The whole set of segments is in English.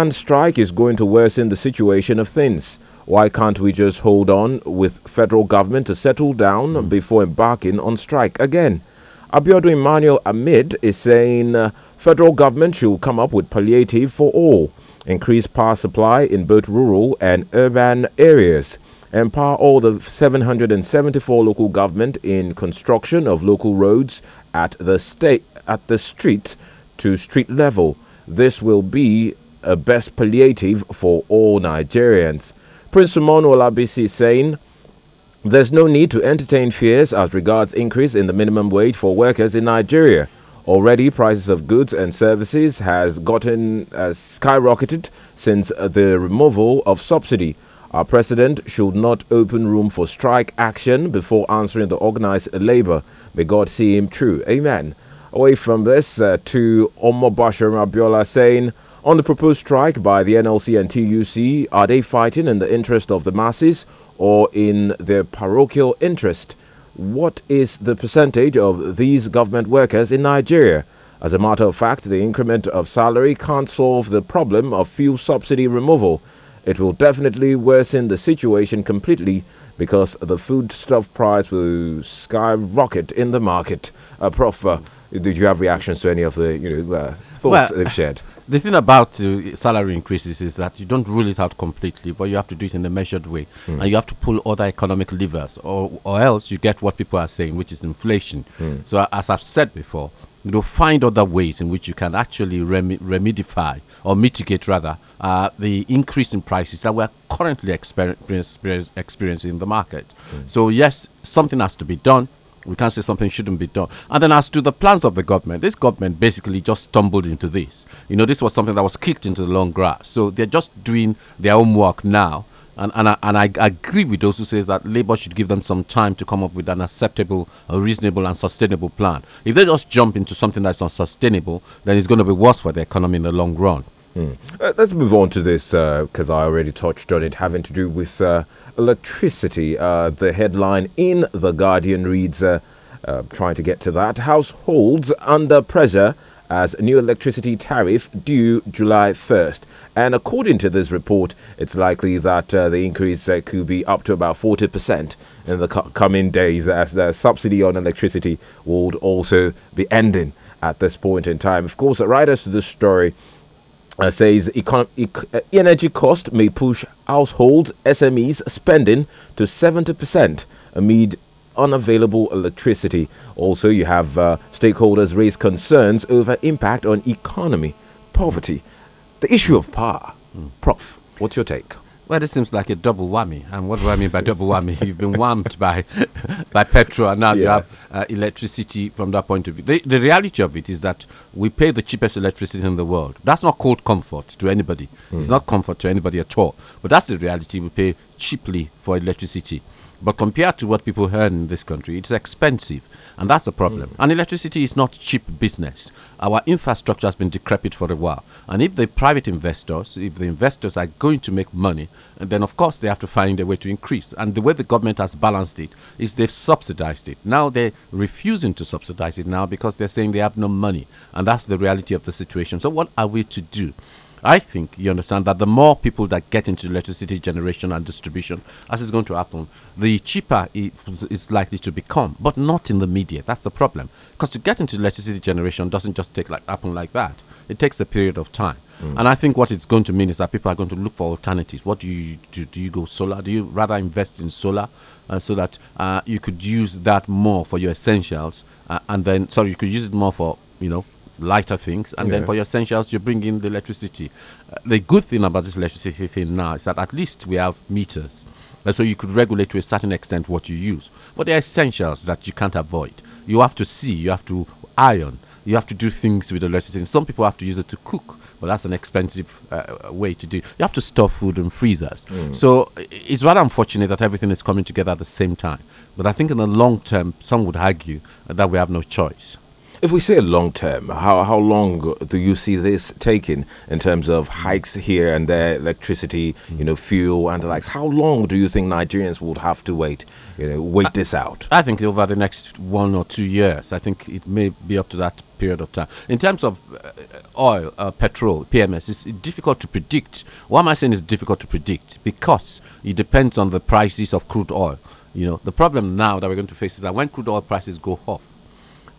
And strike is going to worsen the situation of things. Why can't we just hold on with federal government to settle down mm. before embarking on strike again? Abiodun Emmanuel Amid is saying uh, federal government should come up with palliative for all, increase power supply in both rural and urban areas, empower all the 774 local government in construction of local roads at the state at the street to street level. This will be a best palliative for all Nigerians. Prince Simon Olabisi saying, There's no need to entertain fears as regards increase in the minimum wage for workers in Nigeria. Already, prices of goods and services has gotten uh, skyrocketed since the removal of subsidy. Our president should not open room for strike action before answering the organized labor. May God see him true. Amen. Away from this uh, to Omobashir Mabiola saying, on the proposed strike by the NLC and TUC, are they fighting in the interest of the masses or in their parochial interest? What is the percentage of these government workers in Nigeria? As a matter of fact, the increment of salary can't solve the problem of fuel subsidy removal. It will definitely worsen the situation completely because the foodstuff price will skyrocket in the market. Uh, Prof, uh, did you have reactions to any of the you know, uh, thoughts well, they've shared? the thing about uh, salary increases is that you don't rule it out completely, but you have to do it in a measured way, mm. and you have to pull other economic levers, or or else you get what people are saying, which is inflation. Mm. So, as I've said before, you know, find other ways in which you can actually rem remedify or mitigate rather uh, the increase in prices that we're currently experiencing in the market. Mm. So yes, something has to be done we can't say something shouldn't be done. And then as to the plans of the government, this government basically just stumbled into this. You know, this was something that was kicked into the long grass. So they're just doing their own work now. And, and, I, and I agree with those who say that Labour should give them some time to come up with an acceptable, reasonable, and sustainable plan. If they just jump into something that's unsustainable, then it's going to be worse for the economy in the long run. Mm. Uh, let's move on to this because uh, I already touched on it, having to do with uh, electricity. Uh, the headline in The Guardian reads uh, uh, trying to get to that households under pressure as new electricity tariff due July 1st. And according to this report, it's likely that uh, the increase uh, could be up to about 40% in the co- coming days, as the subsidy on electricity would also be ending at this point in time. Of course, right as to the story, uh, says econ- ec- uh, energy cost may push households SMEs spending to 70% amid unavailable electricity. Also, you have uh, stakeholders raise concerns over impact on economy, poverty, the issue of power. Mm. Prof, what's your take? Well, it seems like a double whammy. And what do I mean by double whammy? You've been whammed by by petrol, and now yeah. you have uh, electricity from that point of view. The, the, reality of it is that we pay the cheapest electricity in the world. That's not called comfort to anybody. Mm. It's hmm. not comfort to anybody at all. But that's the reality. We pay cheaply for electricity. But compared to what people earn in this country, it's expensive. And that's a problem. Mm. And electricity is not cheap business. Our infrastructure has been decrepit for a while. And if the private investors, if the investors are going to make money, then of course they have to find a way to increase. And the way the government has balanced it is they've subsidized it. Now they're refusing to subsidize it now because they're saying they have no money. And that's the reality of the situation. So what are we to do? I think you understand that the more people that get into electricity generation and distribution, as is going to happen, the cheaper it is likely to become, but not in the media. That's the problem. Because to get into electricity generation doesn't just take like happen like that. It takes a period of time. Mm. And I think what it's going to mean is that people are going to look for alternatives. What do you do? Do you go solar? Do you rather invest in solar uh, so that uh, you could use that more for your essentials, uh, and then sorry, you could use it more for you know lighter things, and yeah. then for your essentials, you bring in the electricity. Uh, the good thing about this electricity thing now is that at least we have meters, and so you could regulate to a certain extent what you use. But there are essentials that you can't avoid. You have to see, you have to iron, you have to do things with electricity. some people have to use it to cook but that's an expensive uh, uh way to do. You have to store food in freezers. Mm. So it's rather unfortunate that everything is coming together at the same time. But I think in the long term, some would argue that we have no choice. If we say long term, how, how long do you see this taking in terms of hikes here and there, electricity, you know, fuel and the likes? How long do you think Nigerians would have to wait, you know, wait I, this out? I think over the next one or two years, I think it may be up to that period of time. In terms of uh, oil, uh, petrol, PMS, it's difficult to predict. Why am I saying it's difficult to predict? Because it depends on the prices of crude oil. You know, the problem now that we're going to face is that when crude oil prices go up,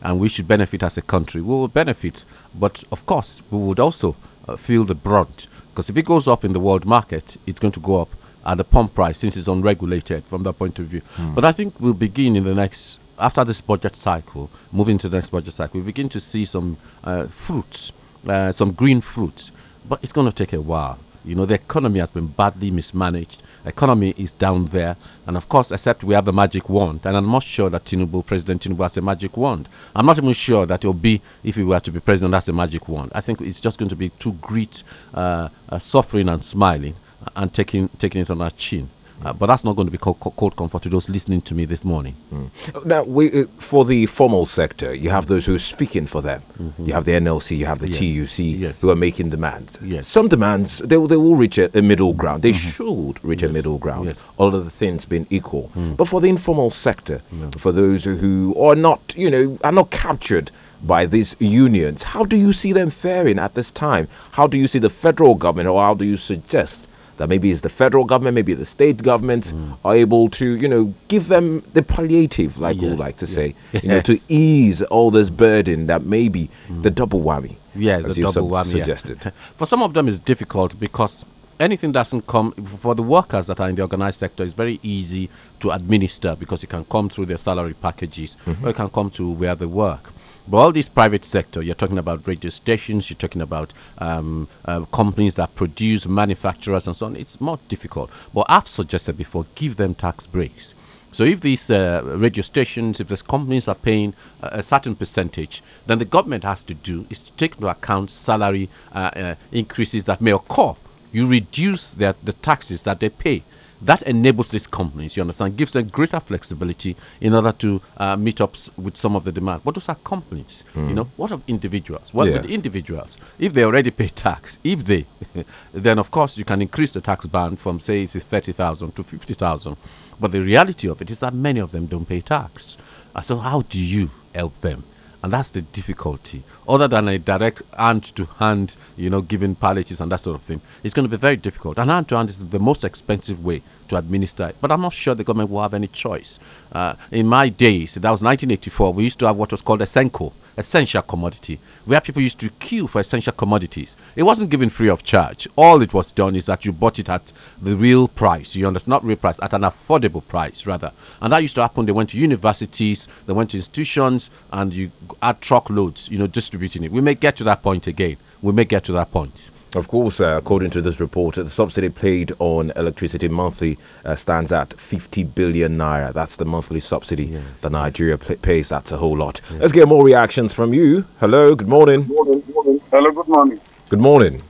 and we should benefit as a country. We will benefit, but of course, we would also uh, feel the brunt because if it goes up in the world market, it's going to go up at the pump price since it's unregulated from that point of view. Mm. But I think we'll begin in the next, after this budget cycle, moving to the next budget cycle, we begin to see some uh, fruits, uh, some green fruits. But it's going to take a while. You know, the economy has been badly mismanaged economy is down there. And of course, except we have a magic wand, and I'm not sure that Tinubu, President Tinubu, has a magic wand. I'm not even sure that he'll be, if he were to be president, that's a magic wand. I think it's just going to be too great uh, uh, suffering and smiling and taking taking it on our chin. Uh, but that's not going to be called comfort to those listening to me this morning. Mm. Now, we, uh, for the formal sector, you have those who are speaking for them. Mm -hmm. You have the NLC, you have the yes. TUC, yes. who are making demands. Yes. Some demands, they, will, they will reach a, a middle ground. They mm -hmm. should reach a middle ground, all of the things being equal. Mm. But for the informal sector, for those who are not, you know, are not captured by these unions, how do you see them faring at this time? How do you see the federal government, or how do you suggest that maybe it's the federal government, maybe the state government mm. are able to, you know, give them the palliative, like yes. we like to yes. say, yes. you know, to ease all this burden that maybe mm. the double whammy. Yeah, the double sub- whammy suggested. Yeah. for some of them, it's difficult because anything doesn't come for the workers that are in the organized sector is very easy to administer because it can come through their salary packages mm-hmm. or it can come to where they work well, this private sector, you're talking about radio stations, you're talking about um, uh, companies that produce, manufacturers, and so on. It's more difficult. But I've suggested before give them tax breaks. So if these uh, radio stations, if these companies are paying uh, a certain percentage, then the government has to do is to take into account salary uh, uh increases that may occur. You reduce their, the taxes that they pay. That enables these companies, you understand, gives them greater flexibility in order to uh, meet up with some of the demand. But those are companies, mm. you hmm. know. What of individuals? Well, yes. with individuals, if they already pay tax, if they, then of course you can increase the tax band from say thirty thousand to fifty thousand. But the reality of it is that many of them don't pay tax. Uh, so how do you help them? and that's the difficulty other than a direct hand to hand you know giving palliatives and that sort of thing it's going to be very difficult and hand to hand is the most expensive way to administer it. But I'm not sure the government will have any choice. Uh, in my days, that was 1984, we used to have what was called a Senko, essential commodity, where people used to queue for essential commodities. It wasn't given free of charge. All it was done is that you bought it at the real price. You understand? Not real price, at an affordable price, rather. And that used to happen. They went to universities, they went to institutions, and you had truckloads, you know, distributing it. We may get to that point again. We may get to that point. Of course, uh, according to this report, the subsidy paid on electricity monthly uh, stands at 50 billion naira. That's the monthly subsidy yes. that Nigeria pays. That's a whole lot. Yes. Let's get more reactions from you. Hello, good morning. Good morning, good morning. Hello, good morning. Good morning.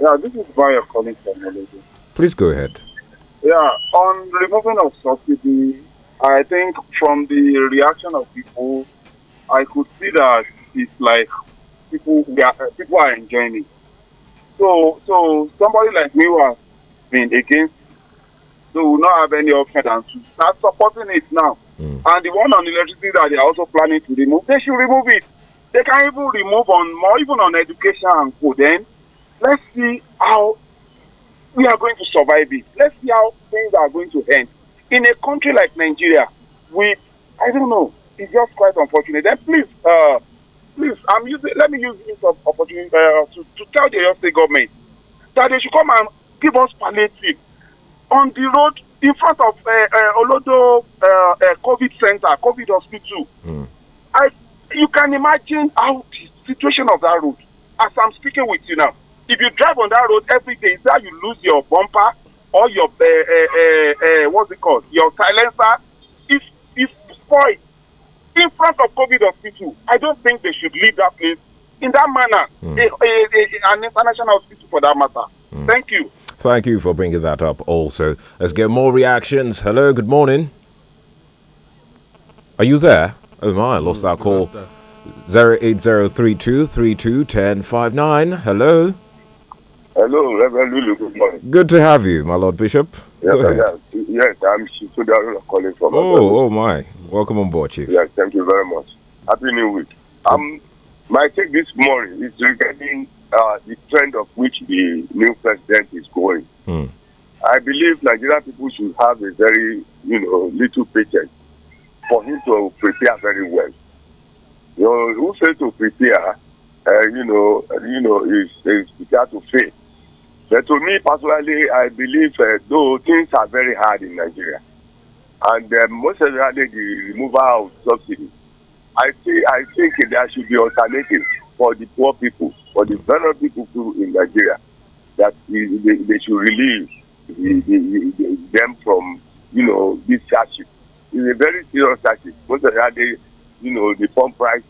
Yeah, this is Bayer calling from Malaysia. Please go ahead. Yeah, on removing of subsidy, I think from the reaction of people, I could see that it's like people, we are, people are enjoying it so, so somebody like me who has been against, so will not have any option than to start supporting it now. Mm. And the one on electricity that they are also planning to remove, they should remove it. They can even remove on more, even on education and food. Then let's see how we are going to survive it. Let's see how things are going to end. In a country like Nigeria, with I don't know, it's just quite unfortunate. Then please, uh, please, I'm using, let me use this opportunity uh, to, to tell the State government that they should come and give us palliative on the road in front of uh, uh, Olodo uh, uh COVID center, COVID hospital. Mm. I, you can imagine how the situation of that road. As I'm speaking with you now, if you drive on that road every day, either you lose your bumper or your uh, uh, what's it called, your silencer. If if spoiled, in front of COVID hospital. I don't think they should leave that place in that manner, mm. a, a, a, an international hospital for that matter. Mm. Thank you. Thank you for bringing that up also. Let's get more reactions. Hello, good morning. Are you there? Oh my, I lost that hmm, call. 08032321059. Hello. Hello, Reverend Lulu. Good morning. Good to have you, my Lord Bishop. Yes, Go ahead. yes, I'm calling from. Oh, oh my. Welcome on board, Chief. Yes, thank you very much. Happy New Week. Um, my take this morning is regarding uh, the trend of which the new president is going. Mm. I believe Nigerian people should have a very, you know, little patience for him to prepare very well. You know, who fail to prepare, uh, you know, you know, is is prepared to fail. But to me personally, I believe uh, though things are very hard in Nigeria, and um, most especially the removal of subsidy. I think I think there should be alternatives for the poor people, for the vulnerable people in Nigeria, that they, they should relieve the, the, the, them from you know this hardship. It's a very serious hardship. Most especially you know the pump prices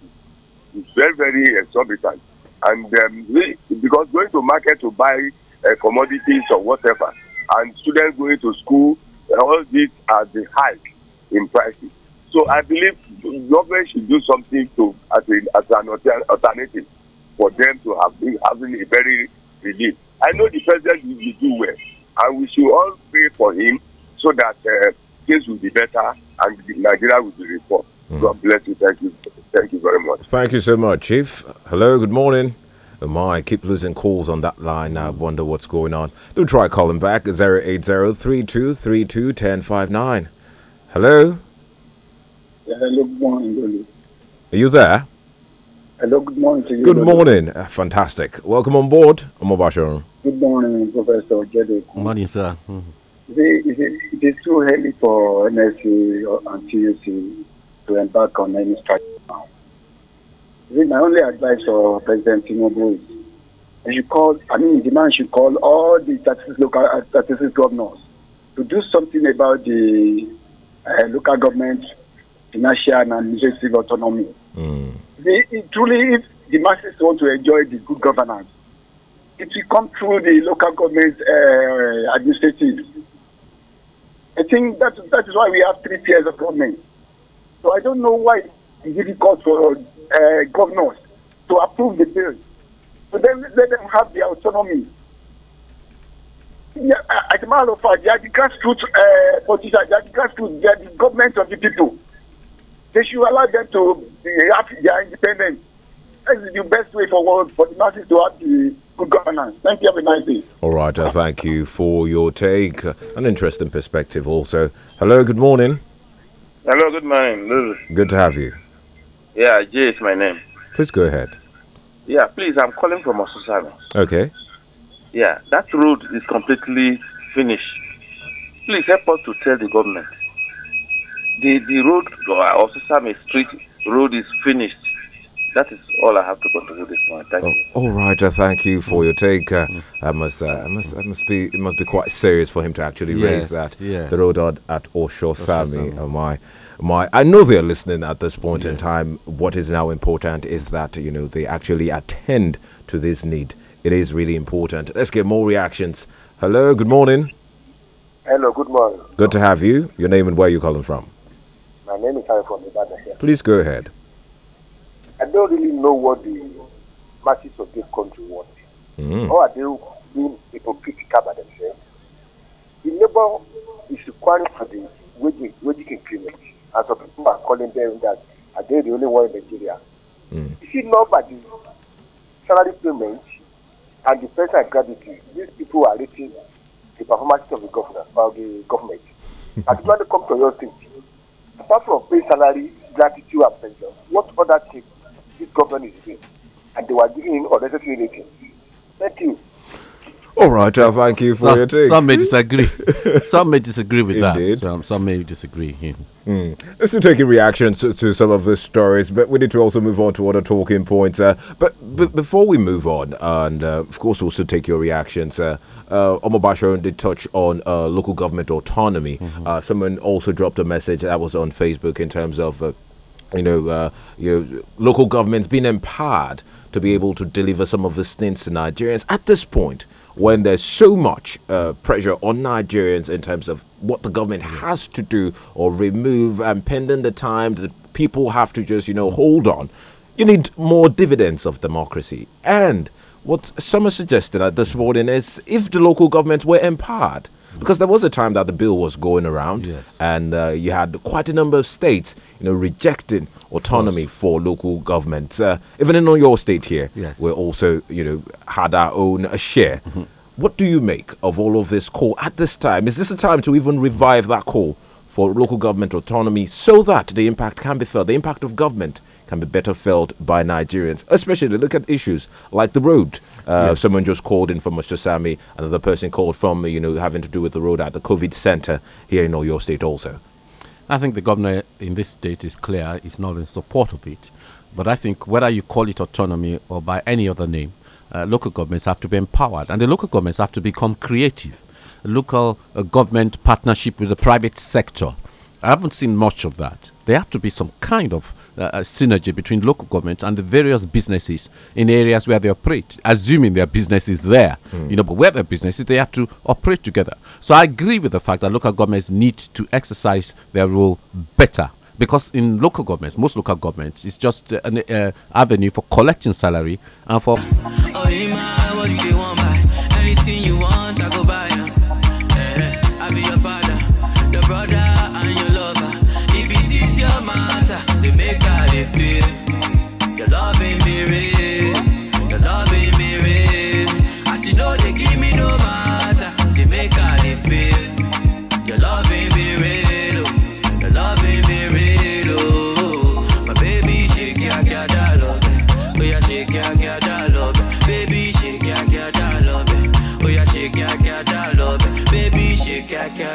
is very very exorbitant, and um, we, because going to market to buy uh, commodities or whatever, and students going to school all these are the hike in prices. So I believe government should do something to as, a, as an alternative for them to have been having a very relief. I know the president will do well, and we should all pray for him so that uh, things will be better and Nigeria will be reformed. Mm. God bless you. Thank you. Thank you very much. Thank you so much, Chief. Hello. Good morning my, I keep losing calls on that line. I wonder what's going on. Do try calling back 080-3232-1059. Hello? Yeah, hello, good morning. Are you there? Hello, good morning to you. Good morning. Uh, fantastic. Welcome on board, Omobashiro. Good morning, Professor Jedi. Good morning, sir. Mm -hmm. it, is, it, is too early for NSC or, and TUC to embark on any strategy? my only advice for President Tinubu is he should call, I mean, the man should call all the 36 local, uh, governors to do something about the uh, local government financial and administrative autonomy. Mm. The, it truly, if the masses want to enjoy the good governance, it will come through the local government uh, administrative. I think that that is why we have three tiers of government. So I don't know why it's difficult for uh, governors to approve the bill. So then let them have the autonomy. Yeah, uh, as a matter of fact, they are the grassroots uh, politicians, they are the grassroots, they are the government of the people. They should allow them to have their independence. That is the best way forward for the masses to have the good governance. Thank you. Have a nice day. All right. Uh, thank you for your take. An interesting perspective, also. Hello. Good morning. Hello. Good morning. Good to have you. Yeah, Jay is my name. Please go ahead. Yeah, please, I'm calling from Osusano. Okay. Yeah, that road is completely finished. Please help us to tell the government. The the road uh, Osusano Street road is finished. That is all I have to contribute this morning. Thank oh, you. All right, I thank you for your take. Uh, I must, uh, I must, I must be. It must be quite serious for him to actually yes, raise that. Yes. The road at Osho Sami, am I? my I know they're listening at this point yes. in time. What is now important is that you know they actually attend to this need. It is really important. Let's get more reactions. Hello, good morning. Hello, good morning. Good to have you. Your name and where you're calling from. My name is from Please go ahead. I don't really know what the masses of this country want. Mm. Or are they being hypocritical by themselves? The labor is requiring for the wage, wage increment. And some people are calling them that are they the only one in Nigeria? Mm. Is it not salary payment and the pension and gravity these people are rating the performance of the governor of the government? and when they come to your state, apart from pay salary, gratitude and pension, what other thing this government is doing? And they were giving unnecessary ratings. Thank you. All right, I thank you for some, your take. Some may disagree. some may disagree with Indeed. that. Some, some may disagree. Yeah. Mm. Let's do taking reactions to, to, some of the stories, but we need to also move on to other talking points. Uh, but, before we move on, and uh, of course, also take your reactions, uh, uh, Omar did touch on uh, local government autonomy. Mm -hmm. someone also dropped a message that was on Facebook in terms of. Uh, you know, uh, you know, local governments being empowered to be able to deliver some of these things to Nigerians. At this point, when there's so much uh, pressure on Nigerians in terms of what the government has to do or remove, and pending the time that people have to just, you know, hold on. You need more dividends of democracy. And what some are suggesting at uh, this morning is if the local governments were empowered, because there was a time that the bill was going around, yes. and uh, you had quite a number of states, you know, rejecting autonomy for local governments. Uh, even in your state here, yes. we also, you know, had our own uh, share. Mm -hmm. What do you make of all of this call at this time? Is this a time to even revive that call for local government autonomy so that the impact can be felt, the impact of government can be better felt by Nigerians, especially look at issues like the road uh, yes. Someone just called in from Mr. Sammy. Another person called from, you know, having to do with the road at the COVID centre here in Oyo State also. I think the governor in this state is clear. He's not in support of it. But I think whether you call it autonomy or by any other name, uh, local governments have to be empowered and the local governments have to become creative. Local uh, government partnership with the private sector. I haven't seen much of that. There have to be some kind of uh, synergy between local governments and the various businesses in areas where they operate, assuming their business is there. Mm. You know, but where their business is, they have to operate together. So I agree with the fact that local governments need to exercise their role better because in local governments, most local governments, it's just uh, an uh, avenue for collecting salary and for. Oh,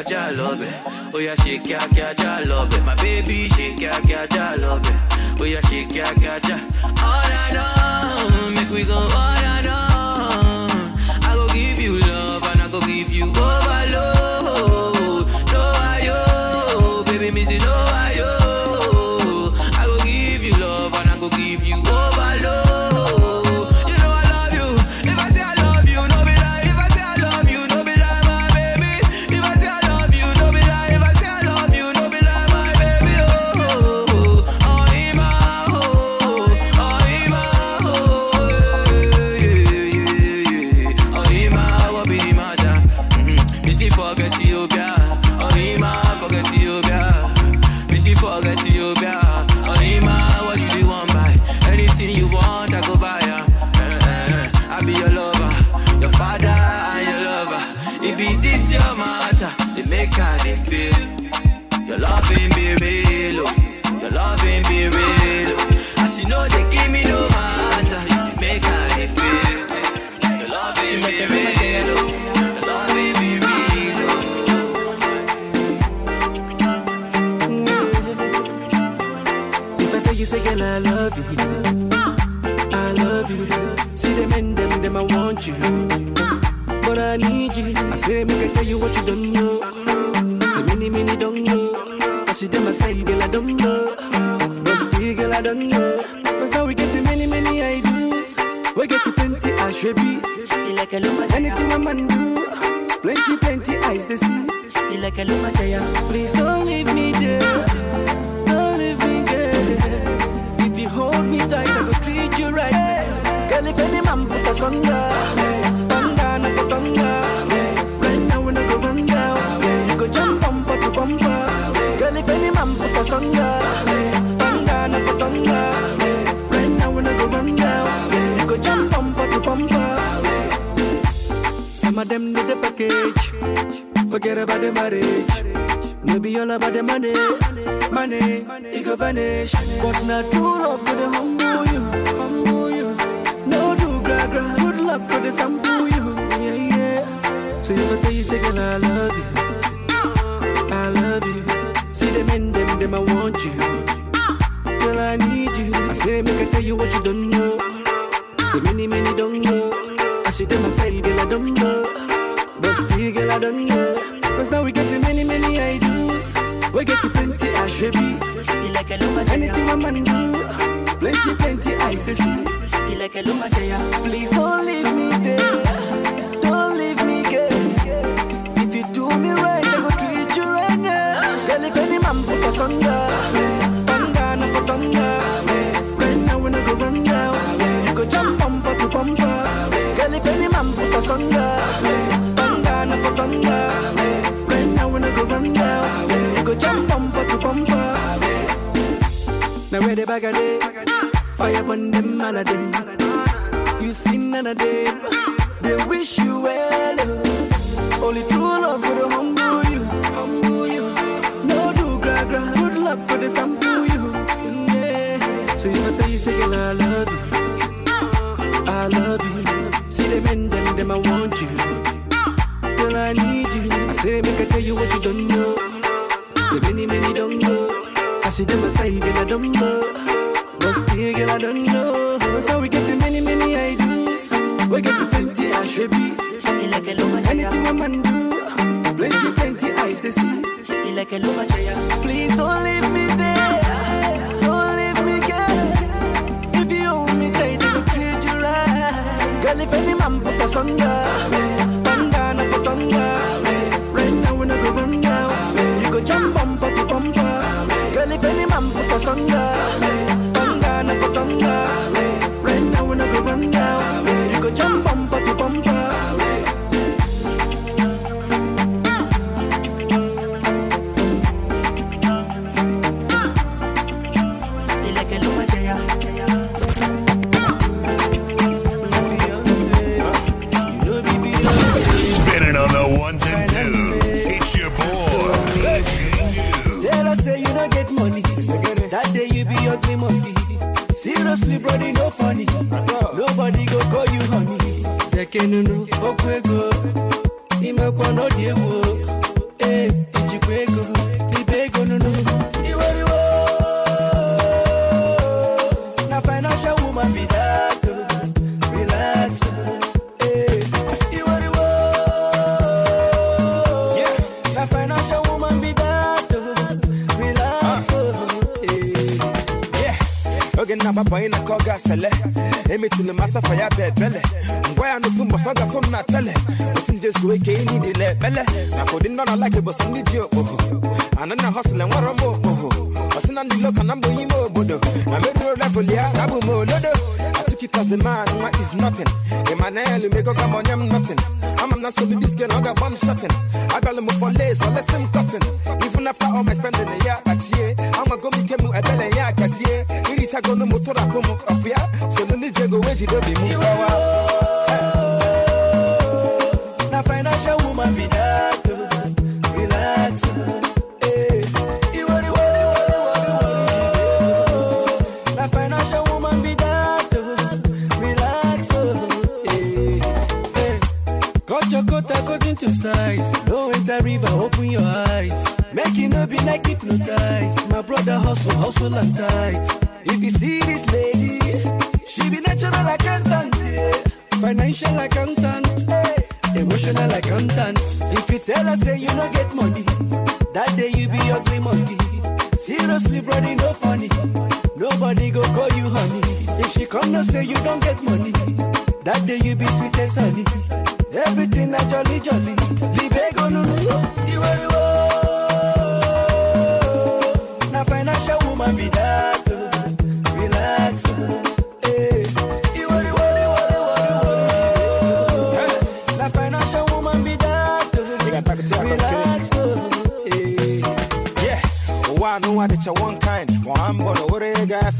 catch gaja love it. Oh yeah, she shake catch gaja love it. My baby she shake catch gaja love it. Oh yeah, she shake catch gaja. All I know, make we go all thunder. thunder. Right now go you go jump bumper. Thunder, thunder. Right now go go jump bumper. Now where bag Fire on them, all of them. You They wish you well. Only true love for the home. fuck with the something you. Yeah. So you tell you say, girl, I love you. I love you. See them in them, them I want you. Girl, I need you. I say, make I tell you what you don't know. Say many, many don't know. I see them aside, girl, I don't know. But still, girl, I don't know. So we get to many, many I do. We get to plenty, I should be. Anything a man do, plenty, plenty, I see body like a lover chair. Please don't leave me there. Don't leave me girl. If you hold me tight, I will treat you right. Girl, if any man put us under. bo so ndi dio hustle and waro mo bo asin look and ambo yi bodo na me bro level ya na mo lodo i took it as a man what is nothing emmanuel me go come on i'm nothing I'm not so this girl, I got bomb shutting. I got them for lace, so let's him cutting. Even after all my spending, yeah, but yeah, I'm a go meet him a bell and yeah, cause yeah, we reach a go no motor, I go up, yeah, so the nigga go wait, you don't be moving. like hypnotize. My brother hustle, hustle and tight. If you see this lady, she be natural accountant, yeah. financial accountant, hey. emotional accountant. If you tell her say you no get money, that day you be ugly monkey. Seriously, brother, no funny. Nobody go call you honey. If she come no say you don't get money, that day you be sweet and honey. Everything a jolly jolly. Libego nunu,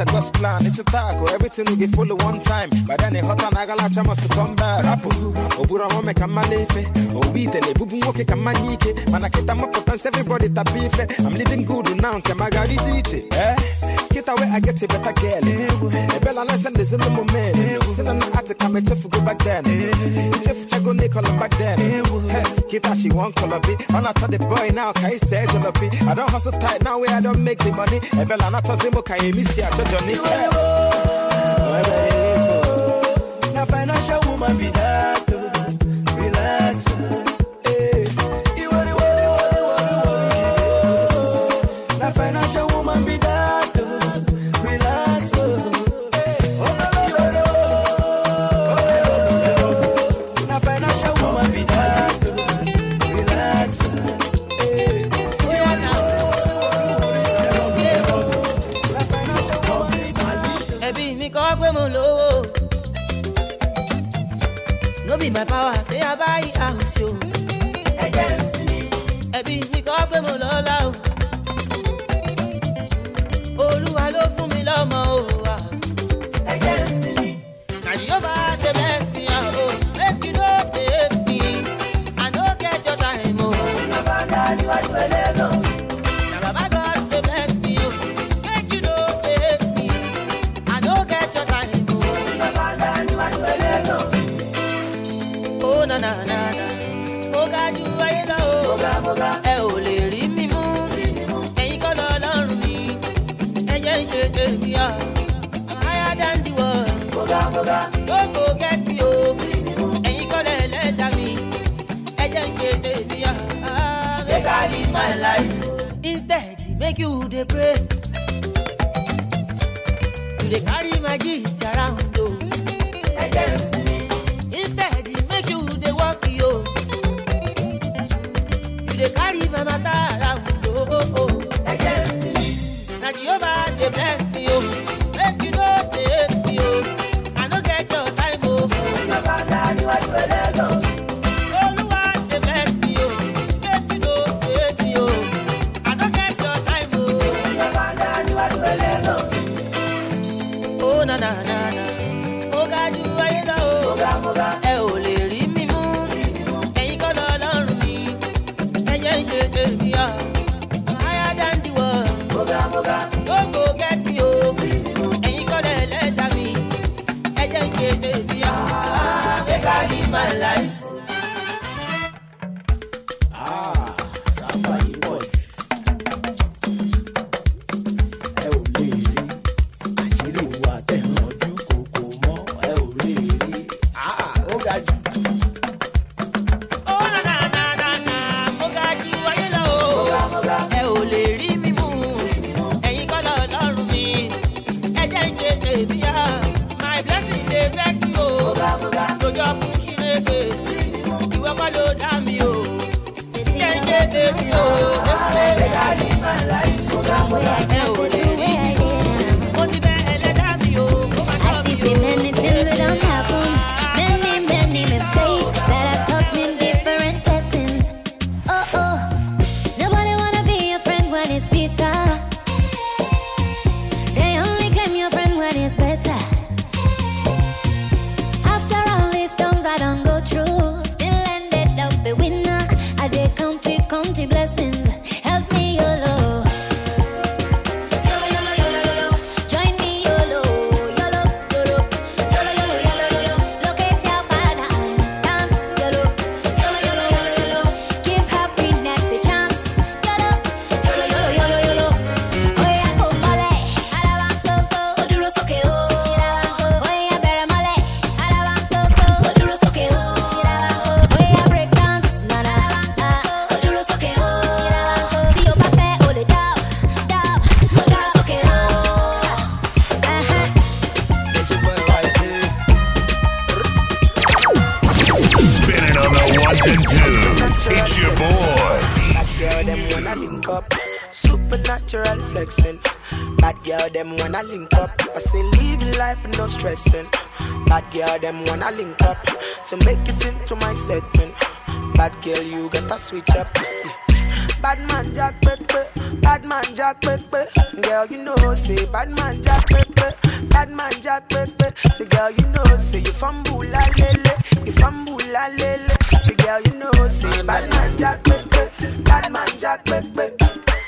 said, what's plan? It's a taco. Oh, everything will get full at one time. But then it hot and I got a must to come back. Rapu, Obura oh, won't make a malefe. Obite, oh, a bubu woke a manike. Manakita, my potence, everybody tapife. I'm living good now. Kamagari ziche. Eh? get away, I get a better girl. A bella nice and there's in the moment. Still an attic, I'm a chef go back then. Chef Chago Nicol back then. Kita, she won't call a bit. And I told the boy now, can you say, Jolofi? I don't hustle tight now, where I don't make the money. A bella not tossing, but can you miss your Johnny? Now, financial woman be that. my life instead e make you dey pray you dey carry my gist around wanna link up. I say live life and no stressing. Bad girl, them wanna link up to make it into my setting. Bad girl, you gotta switch up. Bad man Jack Pepe, bad man Jack Pepe. Girl, you know, say bad man Jack Pepe, bad man Jack Pepe. Say girl, you know, say you from Bula Lele, you from Bula Lele. Say girl, you know, say bad man Jack Pepe, bad man Jack Pepe.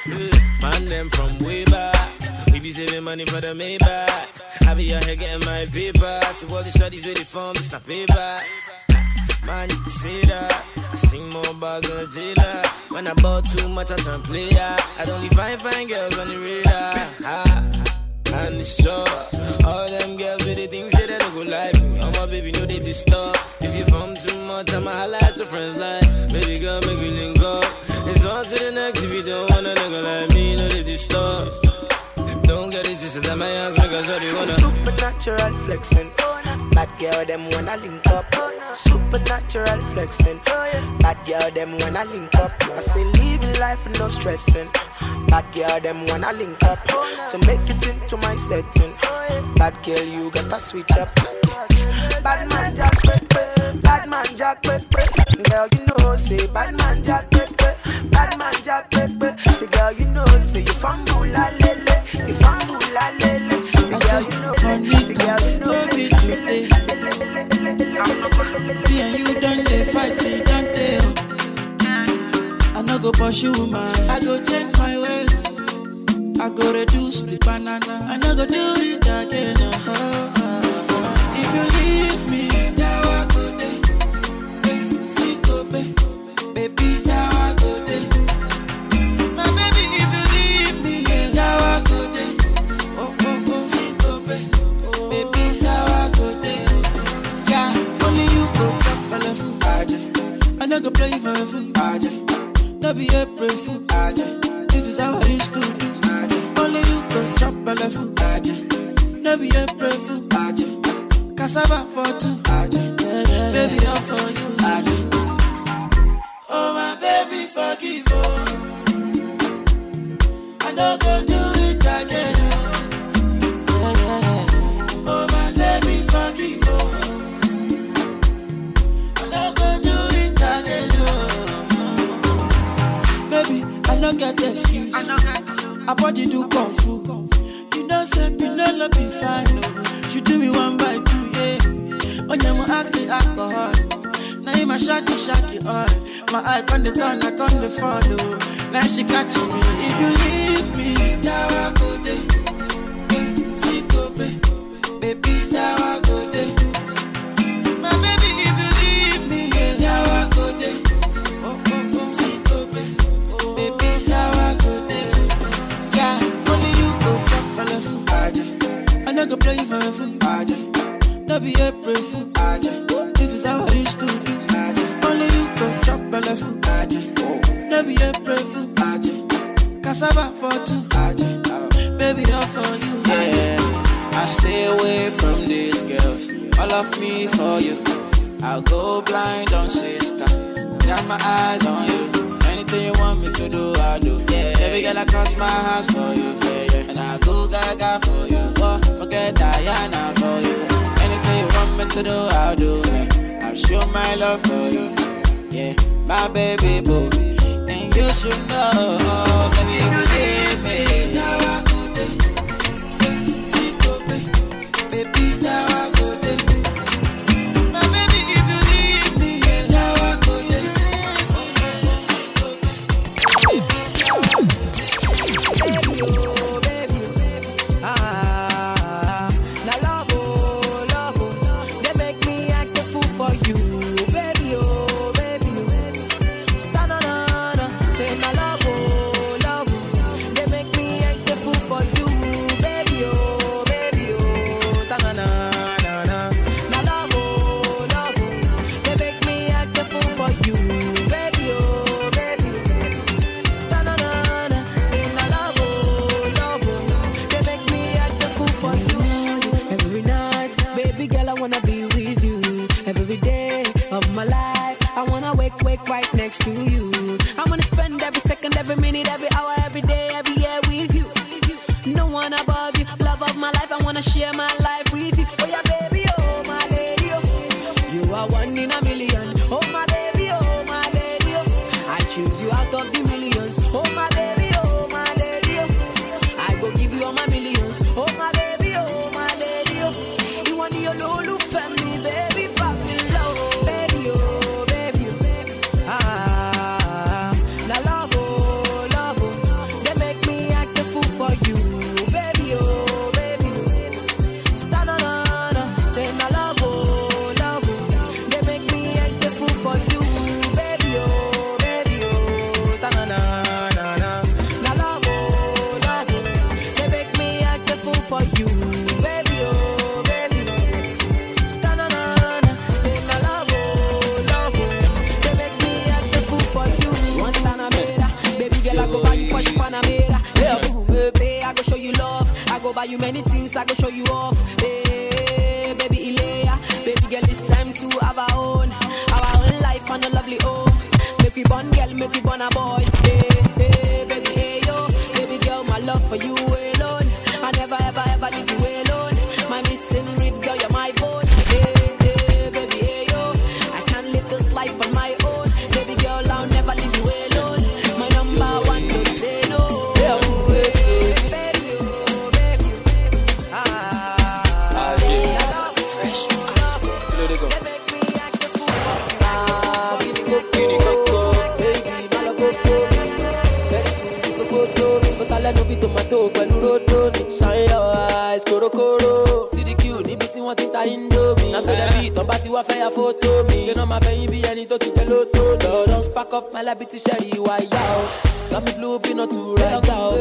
Mm, man, them from way back be saving money for the Maybach. I be out here getting my paper. To all the shawty's really fun, it's not payback. Man, you can see that. I sing more bars than a jailer. When I bought too much, I turn player. I don't need fine, fine girls on the radar. Ha. And the sure? all them girls with the things say they don't go like me. All oh, my baby, know they disturb. If you from too much, I'ma highlight your friends like, baby girl, make me link up. It's on to the next if you don't wanna nigga like me, know they disturb. Don't get it twisted that my ass make a shorty wanna Supernatural flexing Bad girl, them wanna link up Supernatural flexing Bad girl, them wanna link up I say living life no stressing Bad girl, them wanna link up to make it into my setting Bad girl, you got a switch up Bad man jack quick Bad man jack Girl, you know, say bad man jack quick Bad man jack girl, you know, say you from Bulale I said, Monica, no be today. Eh. Me and you done they fighting, don't they? Oh. I no go pursue man, I go change my ways. I go reduce the banana, I no go do it again. uh If you leave me, now I go there. Baby. no go play for food. No be a April fool. This is how I used to do. Only you go chop belle food. No be a April fool. Cassava for two. Baby, all for you. Oh my baby, forgive. me. I not go do it. no get excuse. I body do kung fu. You know, say Pinolo be fine. No. She do me one by two, yeah. Onyemo act the alcohol. Now you my shaggy shaggy all. My eye on the turn, I on the follow. Now she catching me. If you leave me, now I could. even fool. No be April fool. This is how I used to do. Only you can chop belle fool. No be April fool. Cassava for two. Baby, all for you. Yeah. I stay away from these girls. All of me for you. I'll go blind on sister. Got my eyes on you. Anything you want me to do, I do. Yeah. Every girl I cross my heart for you. Yeah. I go gaga for you. Oh, forget Diana for you. Anything you want me to do, I'll do it. I'll show my love for you. Yeah, my baby boo. And you should know, baby, you leave me. many things I go show you off. ma fẹ́ ya foto mi. Ṣé náà ma fẹ́ yín tó ti jẹ́ lọ. Don't spark up my life, share it. wáyà out? Got me blue, peanut not too ga o.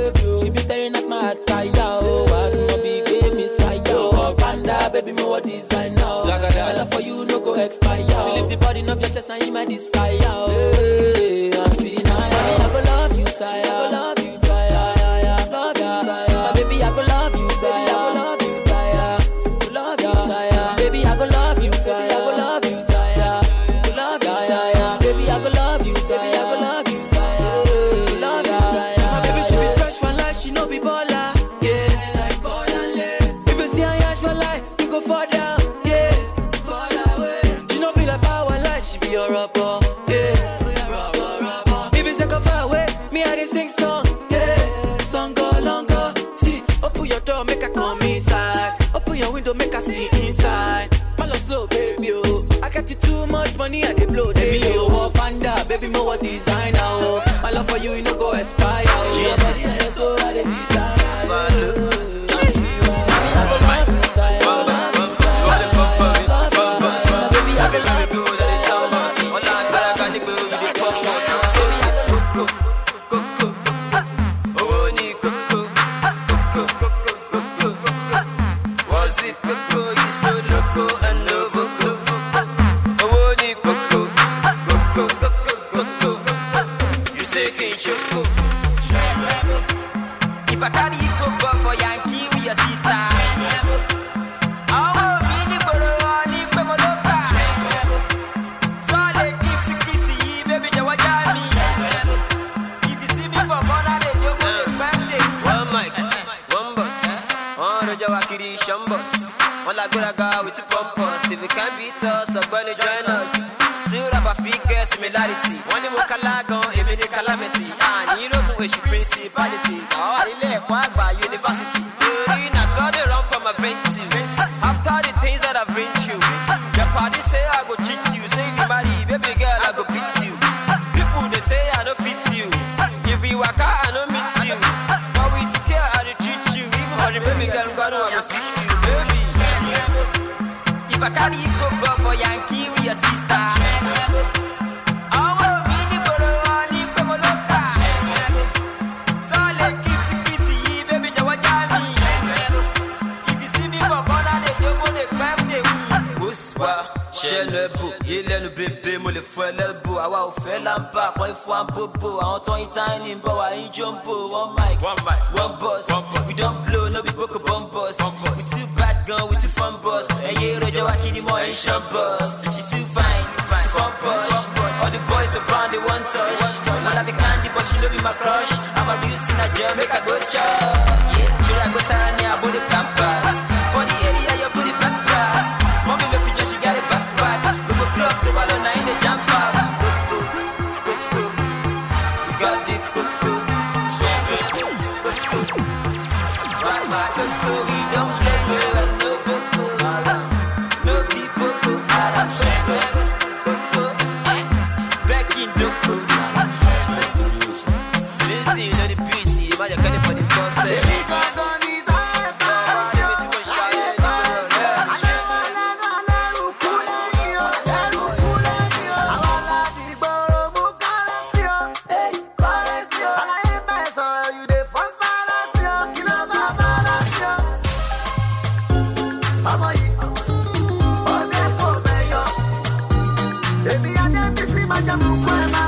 Manda pro coração.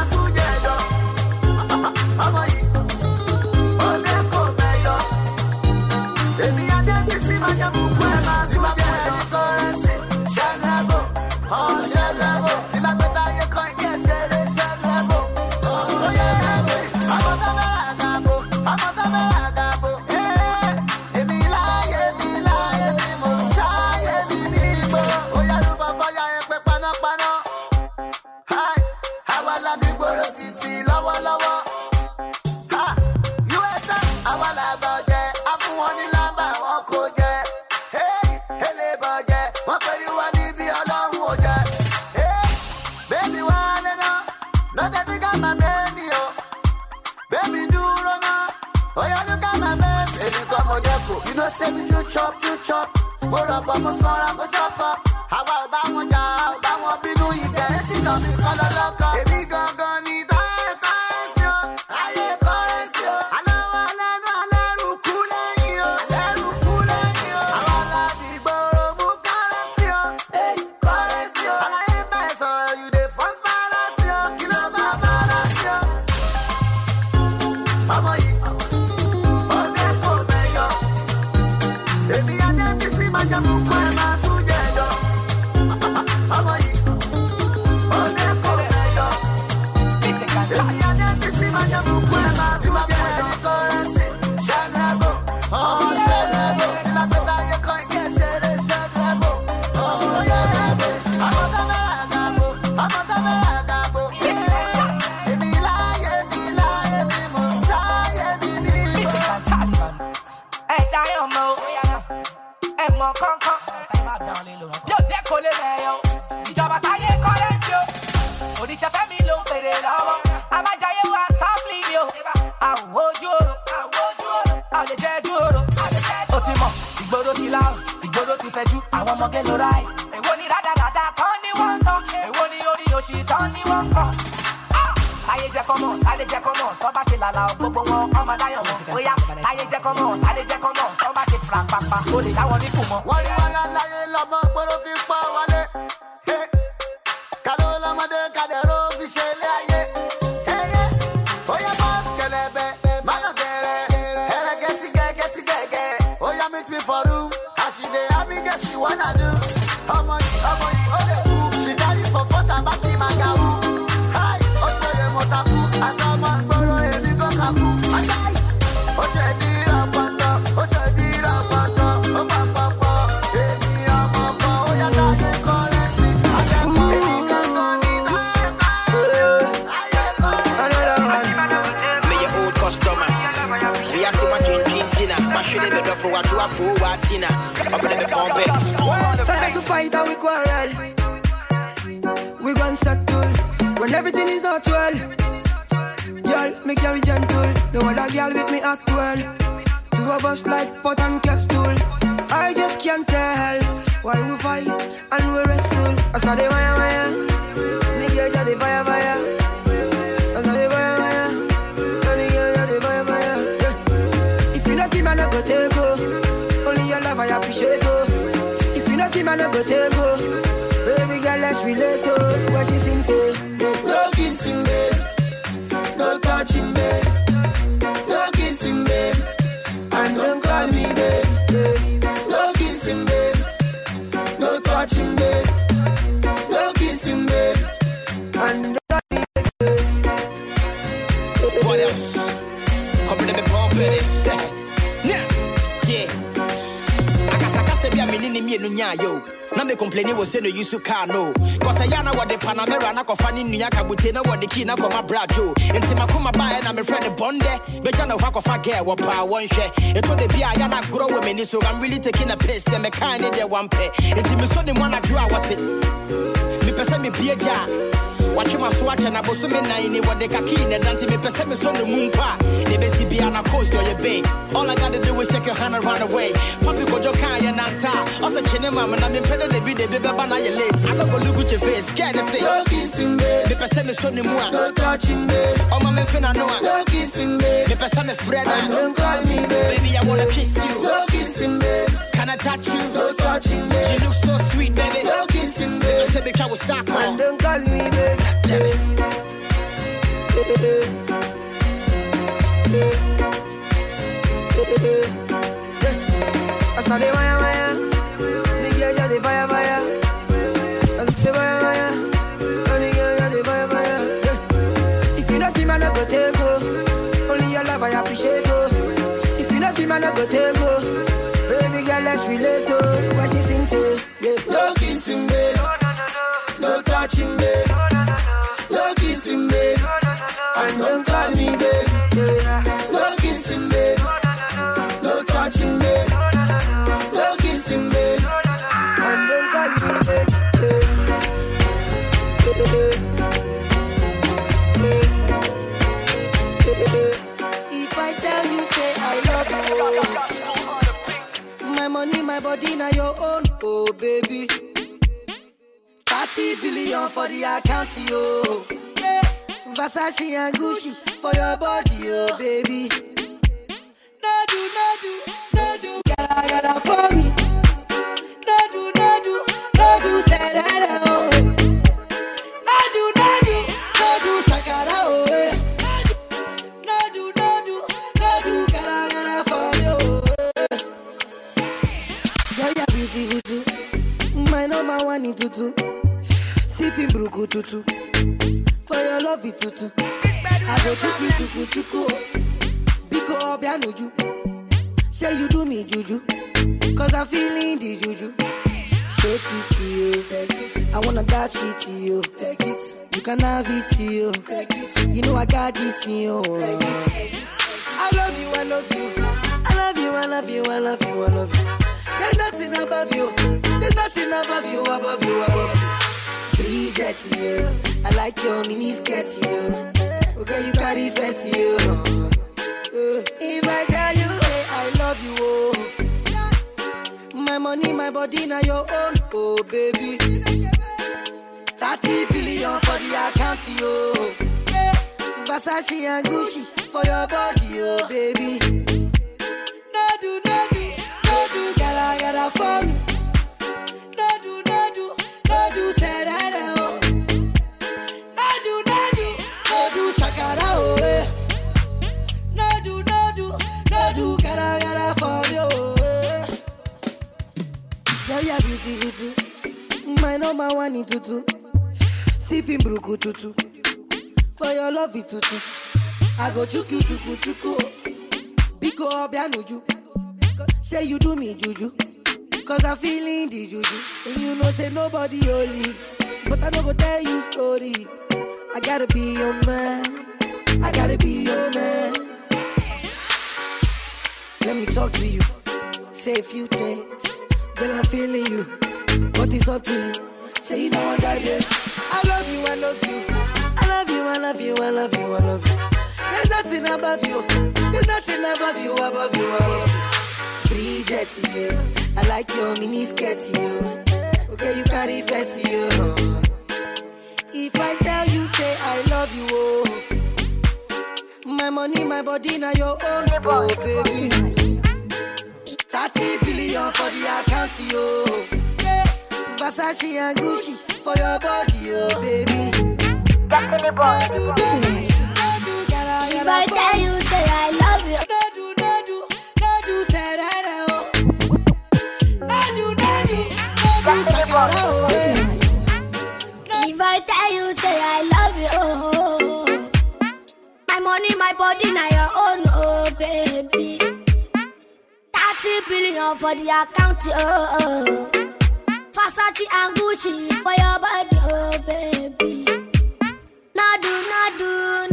act well. Two of us like pot and capsule. I just can't tell why we fight and me complaining was saying no you should car no. Cause I yana what the Panamera na kofani nuya kabute na what the na koma brajo. And Tima Kuma by and I'm a friend of Bonde. But you know what of a girl what power one share. It would be yana grow with me so I'm really taking a piss. Them a kind of one pay. And Timmy so the one I drew I was it. Me person me be Watch my swatch and I was me nine what they kaki and me pese me son the moon pa. They besi be on a coast or your bay. All I gotta do is take your hand and run away. Papi go your car and anta. Also chine mama na me pede de be de be bana ye late. I don't go look at your face. Can I say? No kissing me. Me pese me son the moon. No touching me. Oh my me finna know. No kissing me. Me pese me friend. Don't call me baby. Baby I wanna kiss you. No kissing me. Can I touch you? No touching me. She looks no kissing, I said, bitch, I was stock man. Don't call me, babe. God damn it. I saw the for the account, yo. Yeah. Versace and Gucci for your body, yo, baby. No do, no do, no do, gotta, gotta for me. No do, no do, no do, da, da, da. tutu. For your love it tutu. I go chuku chuku chuku. Biko obia nuju. Say you do me juju. Cause I'm feeling the juju. Shake it to you. I wanna dash it to you. Take it. You can have it to you. Take it. You know I got this in you. I love you, I love you. I love you, I love you, I love you, I love you. There's nothing above you. There's nothing above you, above you, above you. Please get you. I like your mini skirt, you. Okay, you body fess you. Uh, if I tell you, hey, oh, I love you, oh. My money, my body, now your own, oh baby. 30 billion for the account, yo. Versace and Gucci for your body, oh baby. No do, no do, no do, gotta, gotta for me. ya vitu vitu my number one in tutu sipping bruku tutu for your love it tutu i go chuku chuku chuku biko ọbẹ anuju say you do me juju cause i'm feeling the juju and you know say nobody only. but i no go tell you story i gotta be your man i gotta be your man let me talk to you say a few things. Well, I'm feeling you, but it's up to you. Say you know what I did. I love you, I love you. I love you, I love you, I love you, I love you. There's nothing above you. There's nothing above you, above you, above you. Bridget, yeah. I like your mini skirt, yeah. Okay, you carry fancy, you. If I tell you, say I love you, oh. My money, my body, now your own, oh baby. 30 billion for the account, yo. Yeah. Versace and Gucci for your body, yo, baby. Destiny boy. If I tell you, say I love you. No do, no do, do, say that oh. No do, no do, no do, say that oh. If I tell you, say I love you, oh, oh, oh. My money, my body, now your own, oh baby. 30 billion for the account, oh, oh. Versace and Gucci for your body, oh, baby. Nadu, nadu,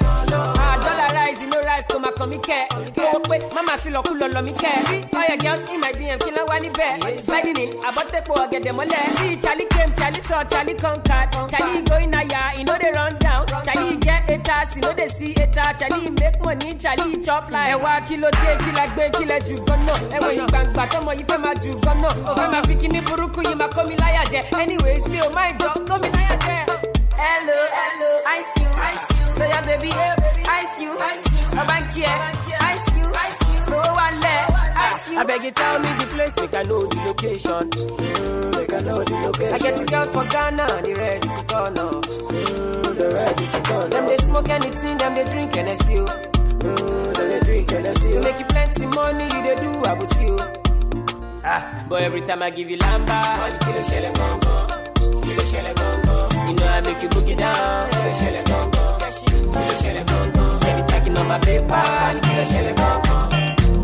eyes, you know rise, come and come care. Go away, mama feel a cool on me care. all your girls in my DM, kill a wani bear. Sliding in, I bought the poor, get them all there. See Charlie came, Charlie saw, Charlie conquered. Charlie going a yard, you know they run down. Charlie get a task, you know they see a task. Charlie make money, Charlie chop like a wa kilo day, kill like bay, kill a jugon no. And when you bang back, come on, you feel my jugon no. Over my bikini buruku, you ma call me liar, yeah. Anyways, me oh my god, call me liar, yeah. Hello, hello, I see you, I see you. So yeah, baby, yeah, baby. Ice you, ice you. I bank here, ice you, ice you. No one left, ice you. I beg you, tell me the place, make I know the location. Mm, make I know the location. I get the girls for Ghana, they ready to turn up. Mm, they ready to turn up. Them they smoke and anything, them they drink and I see you. Mm, they drink and I see you. Make you plenty money, you they do, I will see you. Ah, boy, every time I give you lamba, money kilo shell shell and gong gong. You know I make you boogie down, kilo shell and gong gong.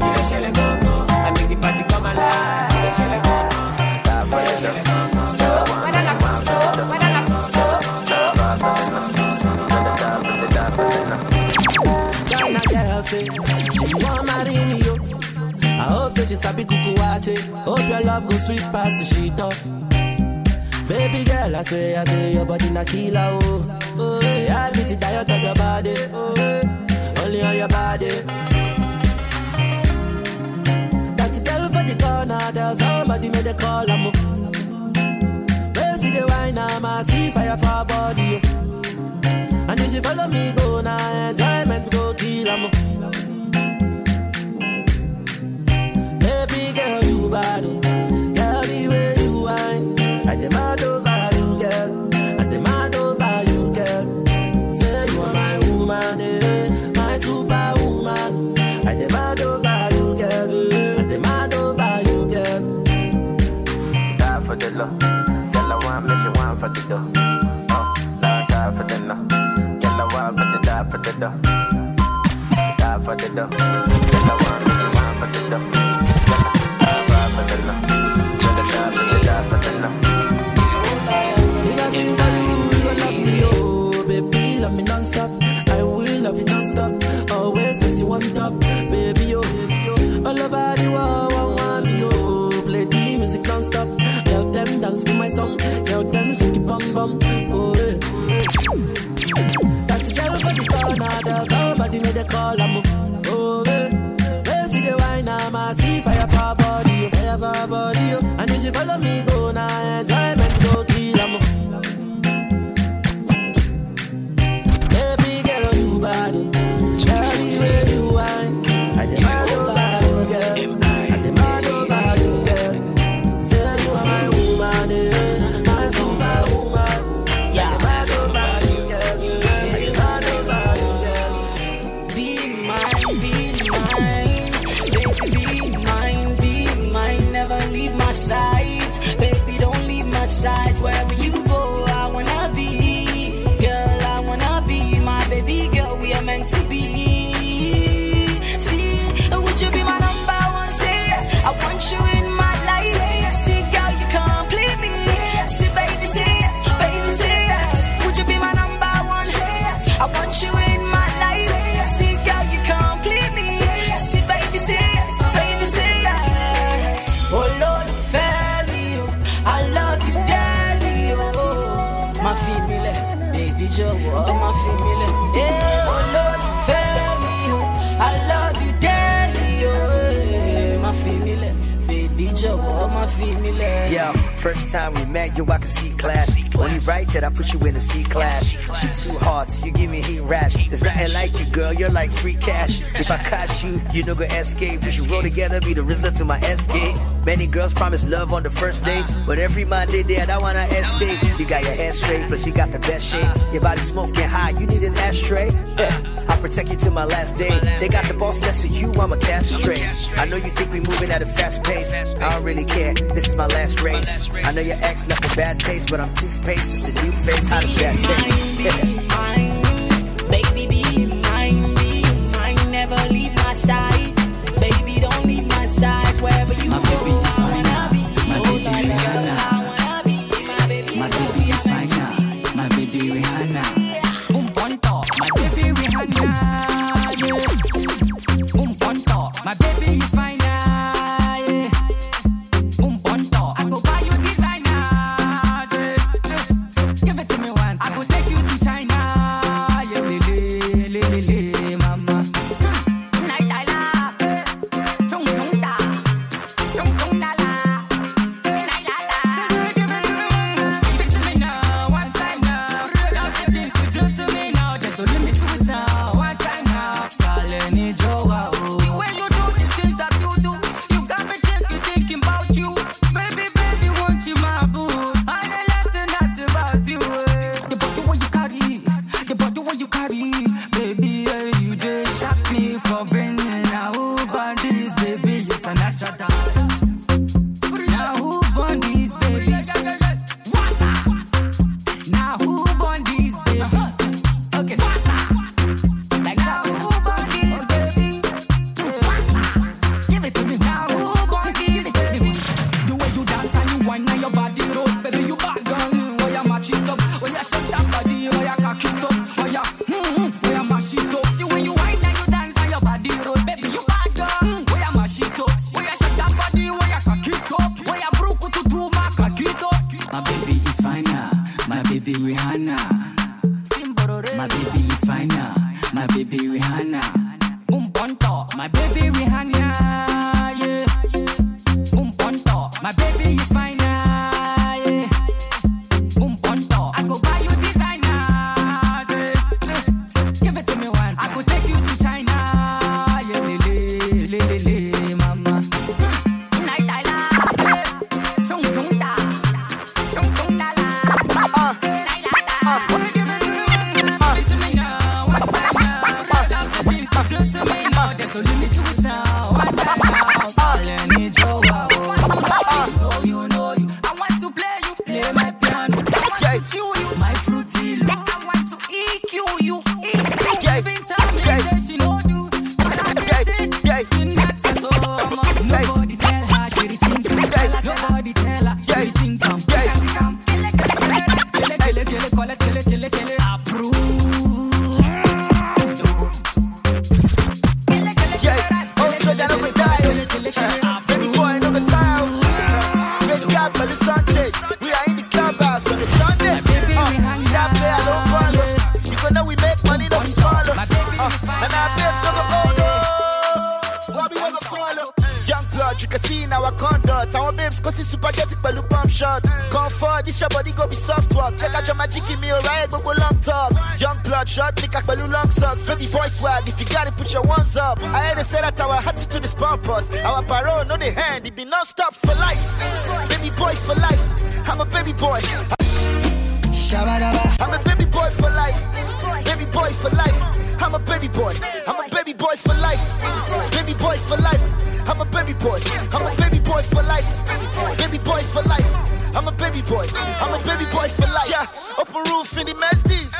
I make the party come alive. So, I hope say she sabi kuku Hope your love goes sweet past she talk. Baby girl, I swear, I say your body na killer, oh. Oh, yeah, I'll be the diet of your body, oh. Only on your body. That girl for the corner, there's somebody made a call, I'm oh. Where see the wine, I'm a see fire for body, oh. And if she follow me, go now, enjoyment go kill, I'm oh. Baby girl, you bad, oh. You know go escape. We should roll together, be the Rizzler to my escape. Many girls promise love on the first date, uh. but every Monday they I wanna escape. You got your head straight, plus you got the best uh. shape. Your body smoking hot, you need an ashtray. Uh. Yeah. I'll protect you till my last day. They got the boss next to you, I'm a castrate. I know you think we moving at a fast pace. I don't really care, this is my last race. I know your ex left a bad taste, but I'm toothpaste. It's a new face, how does that taste? Àtàwọn babes kó sí supergeti pẹ̀lú pump shot. Comfort this your body go be soft work. Check out your magic me ò ráyè gbogbo long talk. Young blood shot níkà pẹ̀lú long socks. Baby boy swag if you got it put your ones up. I heard they say that our to is purpose. Our parole no the hand it be non-stop for life. Baby boy for life. I'm a baby boy. I'm a baby boy for life. Baby boy for life. I'm a baby boy. I'm a baby boy for life. Baby boy for life. I'm a baby boy. I'm a baby boy for life. Baby boy for life. I'm a baby boy. I'm a baby boy for life. Yeah, up a roof in the Mercedes,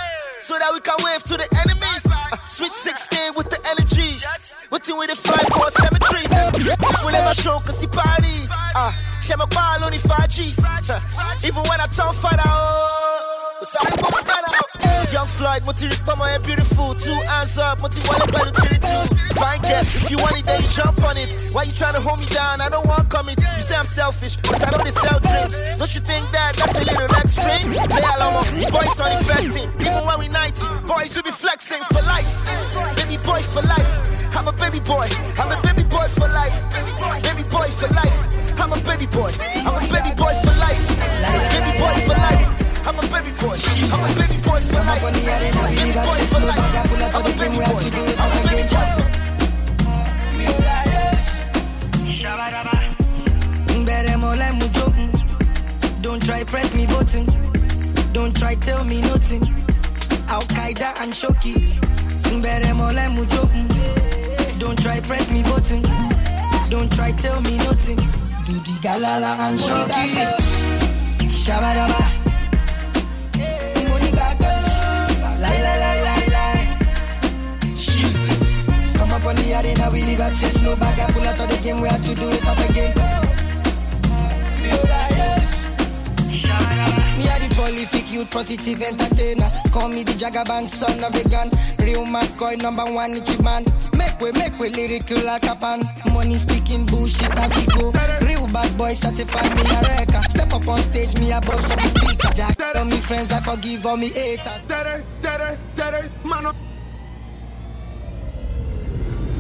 So that we can wave to the enemies. Uh, sweet 16 with the energy. Waiting with the fly for a cemetery. Full of my show, cause he party. Ah, uh, Shema Kwal only 5G. Uh, even when I talk, fight out. Oh. Young Floyd, my tears for my beautiful. Two hands up, my team wallet by the three two. Fine girl, if you want it, then you jump on it. Why you trying to hold me down? I don't want coming. You say I'm selfish, but I know they sell dreams. Don't you think that that's a little extreme? Play along with boys on investing. Even when we 90, boys will be flexing for life. Baby boy for life. I'm a baby boy. I'm a baby boy for life. Baby boy for life. I'm a baby boy. I'm a baby boy for life. baby boy for life. I'm a baby boy. I'm a baby boy for life. I'm a baby boy for life. I'm a baby boy. I'm a baby boy. Don't try press me button. Don't try tell me nothing. Al Qaeda and Shoki. Don't try press me button. Don't try tell me nothing. Do the galala and Shoki. Shabadaba. on the arena, we live a chase no bag. I pull out of the game, we have to do it up again. Me are oh, the prolific youth, positive entertainer. Call me the Jagaban, son of the gun. Real McCoy, number one Ichiban. Make way, make way, lyrical like a pan. Money speaking bullshit, as we go. Real bad boy, certified me a wrecker. Step up on stage, me a boss up the speaker. Jack, all me friends, I forgive all me haters. Daddy, daddy, daddy, man up.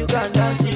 Uganda, see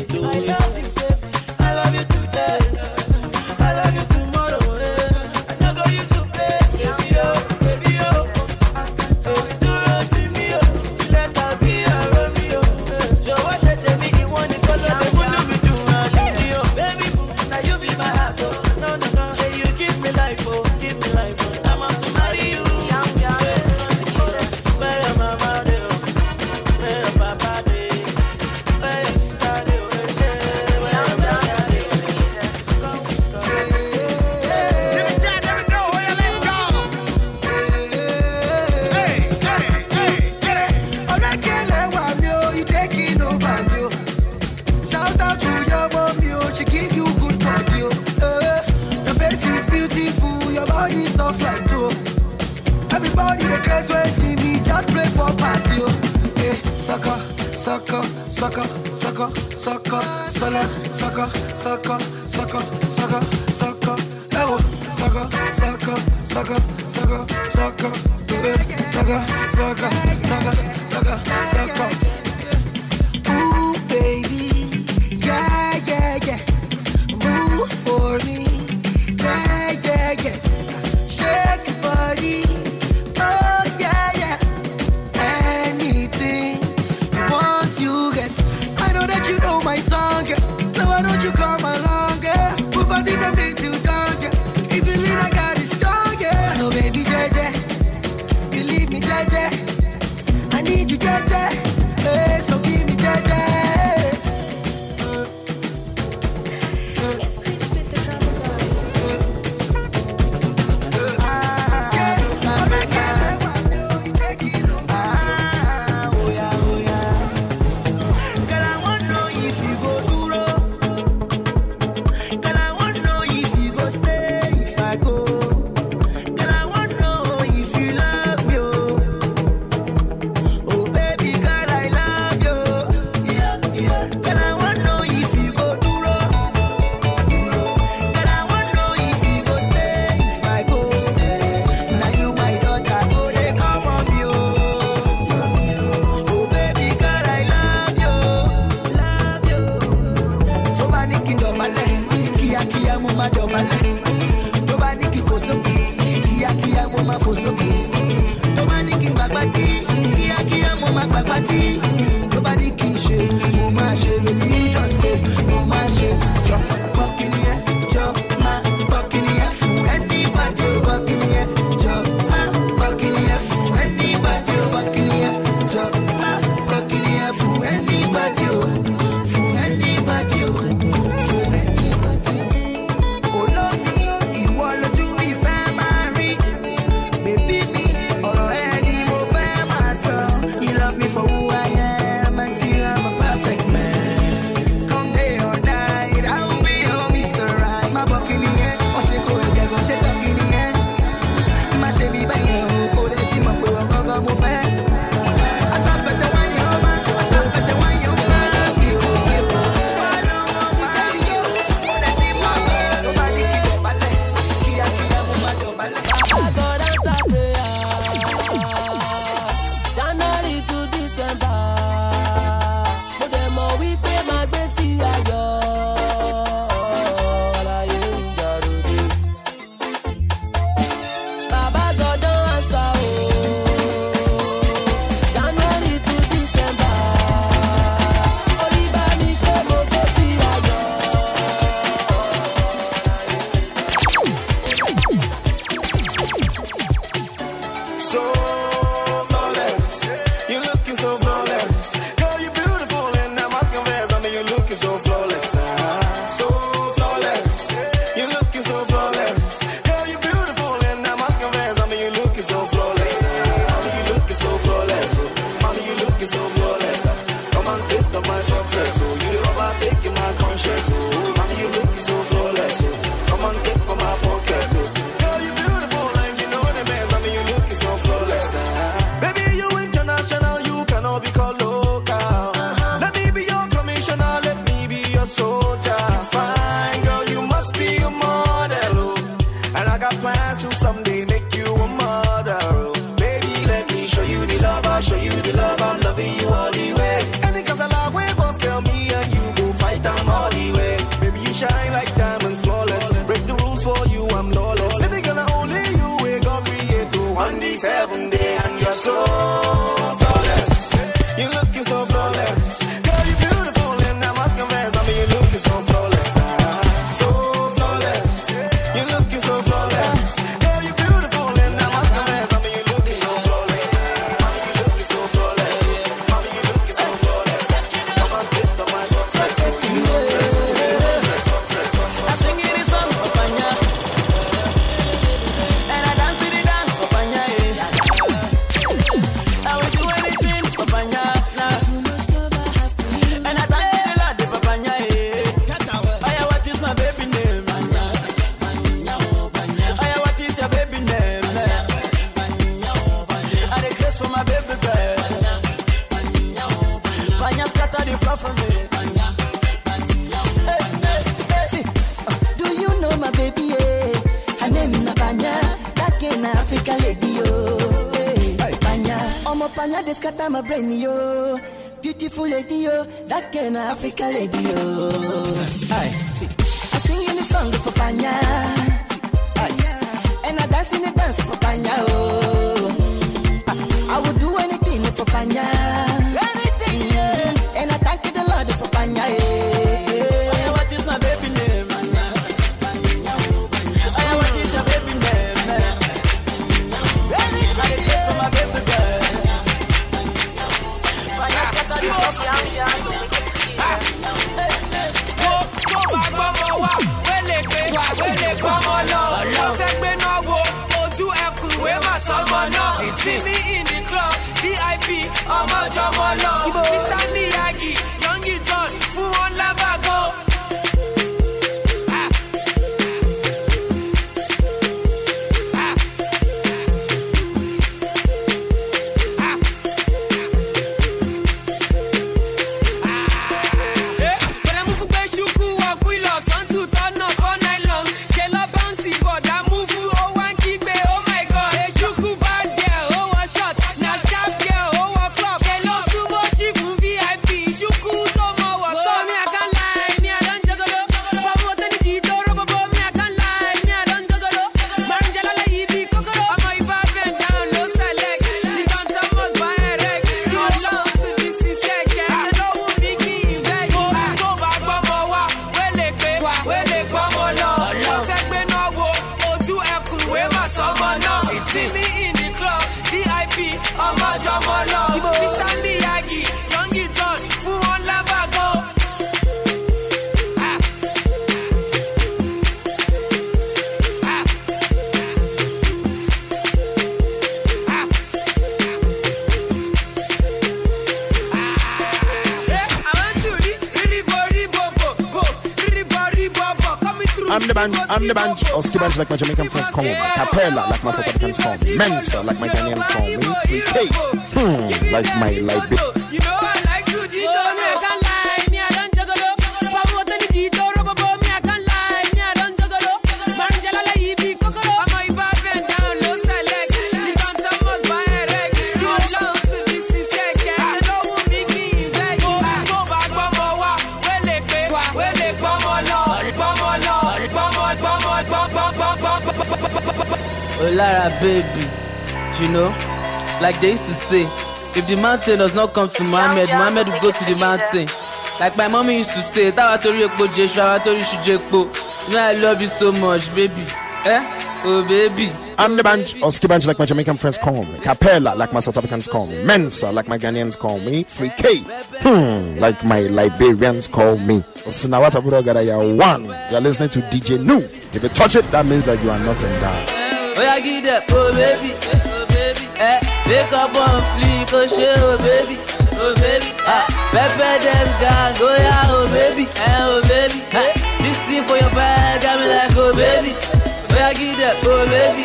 an Africa lady, oh. like my Jamaican friends call me. Capella like my South Africans call me. Mensa like my Ghanaians call me. 3K hmm, like my Liberian. Olara baby, you know, like they used to say, if the mountain does not come to it's Muhammad, Muhammad will go to the mountain. Like my mommy used to say, táwa torí epo jésù, àwa torí iṣu jẹ epo. You know I love you so much, baby. Eh? Oh, baby. I'm the bunch, or ski bunch like my Jamaican friends call me. Capella like my South Africans call me. Mensa like my Ghanaians call me. Free K, hmm, like my Liberians call me. Sinawata Buragada, you're one. You're listening to DJ New. If you touch it, that means that you are not in endowed. Oh yeah, give that, oh baby, oh baby. Eh, wake up on fleek, oh shit, oh baby, oh baby. Ah, pepper them gang, oh yeah, oh baby, eh, oh baby. Eh, this thing for your bag, got me like, oh baby. Oh yeah, give that, oh baby.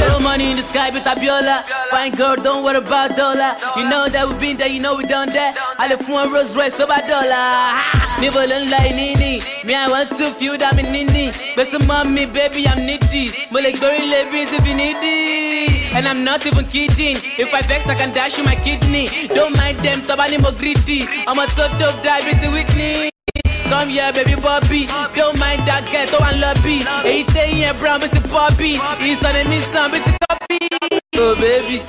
No money in the sky, but I Abiola. Fine girl, don't worry about dollar. You know that we been there, you know we done that. I left one a Rolls Royce, so by dollar. Ha! Me wouldn't Nini. Me, I want to feel that me Nini. Best some mommy, baby, I'm needy. But like very ladies, if you needy. And I'm not even kidding. If I vex, I can dash you my kidney. Don't mind them, I'm more greedy. I'm a sort of drive, it's a Come here, baby Bobby. Don't mind that I love lobby. Anything here, brown, it's Bobby. He's on a miss, it's a copy. Oh, baby.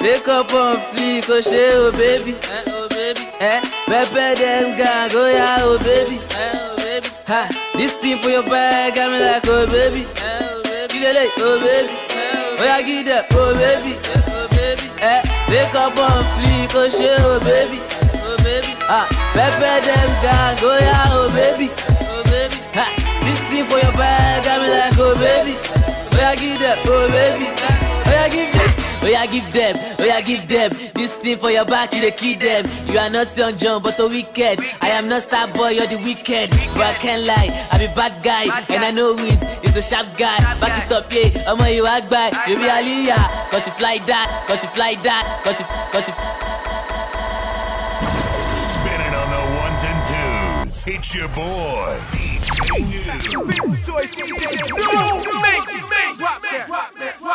Wake up on fleek, oh shit, oh baby. Eh, oh baby. Eh, Pepe them gang, oh yeah, oh baby. Eh, oh baby. Ha, this thing for your bag, got me like, oh baby. Eh, oh baby. it oh baby. Eh, oh yeah, give that, oh baby. Eh, oh baby. Eh, wake up on fleek, oh shit, oh baby. Oh baby. Ah, pepper them gang, oh yeah, oh baby. Oh baby. Ha, this thing for your bag, got me like, oh baby. Oh yeah, give that, oh baby. Eh, Oh yeah, give them, oh yeah, give them. This thing for your back, you the key. them. You are not young John, but a wicked. I am not star boy, you're the wicked. But I can't lie, i be bad guy, and I know who's. is a sharp guy. back it up, yeah. I'm on you walk by, you be Aliyah. Cause you fly that, cause you fly that, cause you, cause you. Spinning on the ones and twos. It's your boy. DJ News. Choice DJ. No, no, mix, mix, mix, mix, mix, mix, mix, mix.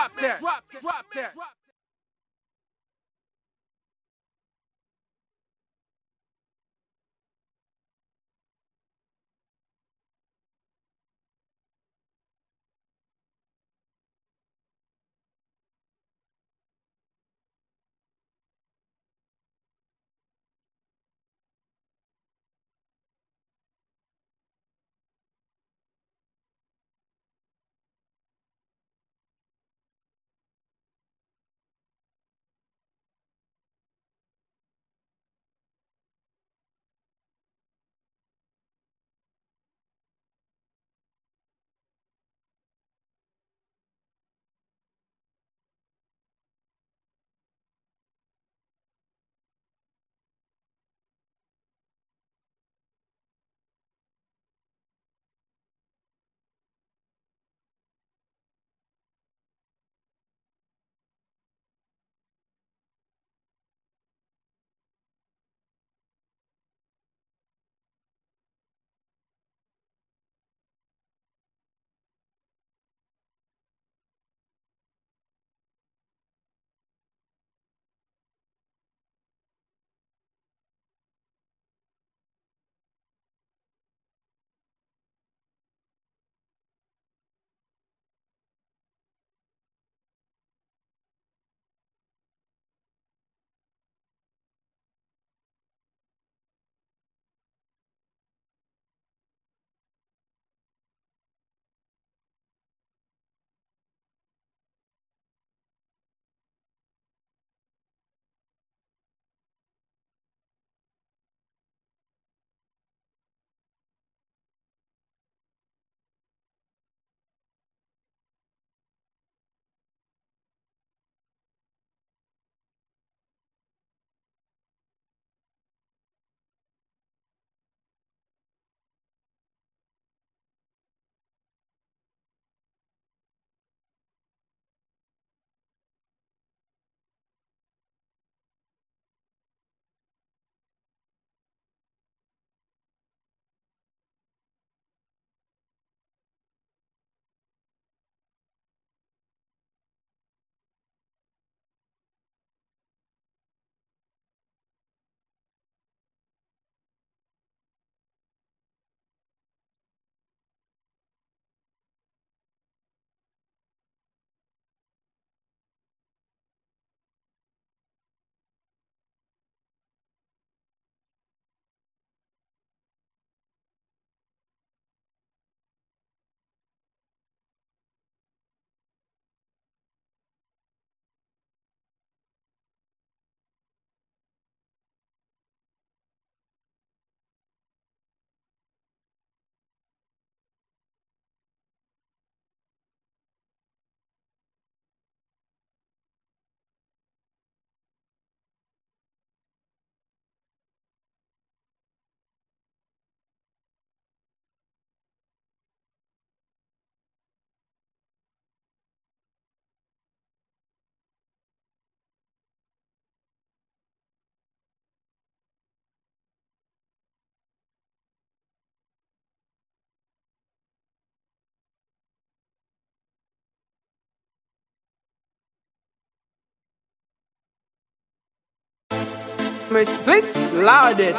me split loud it.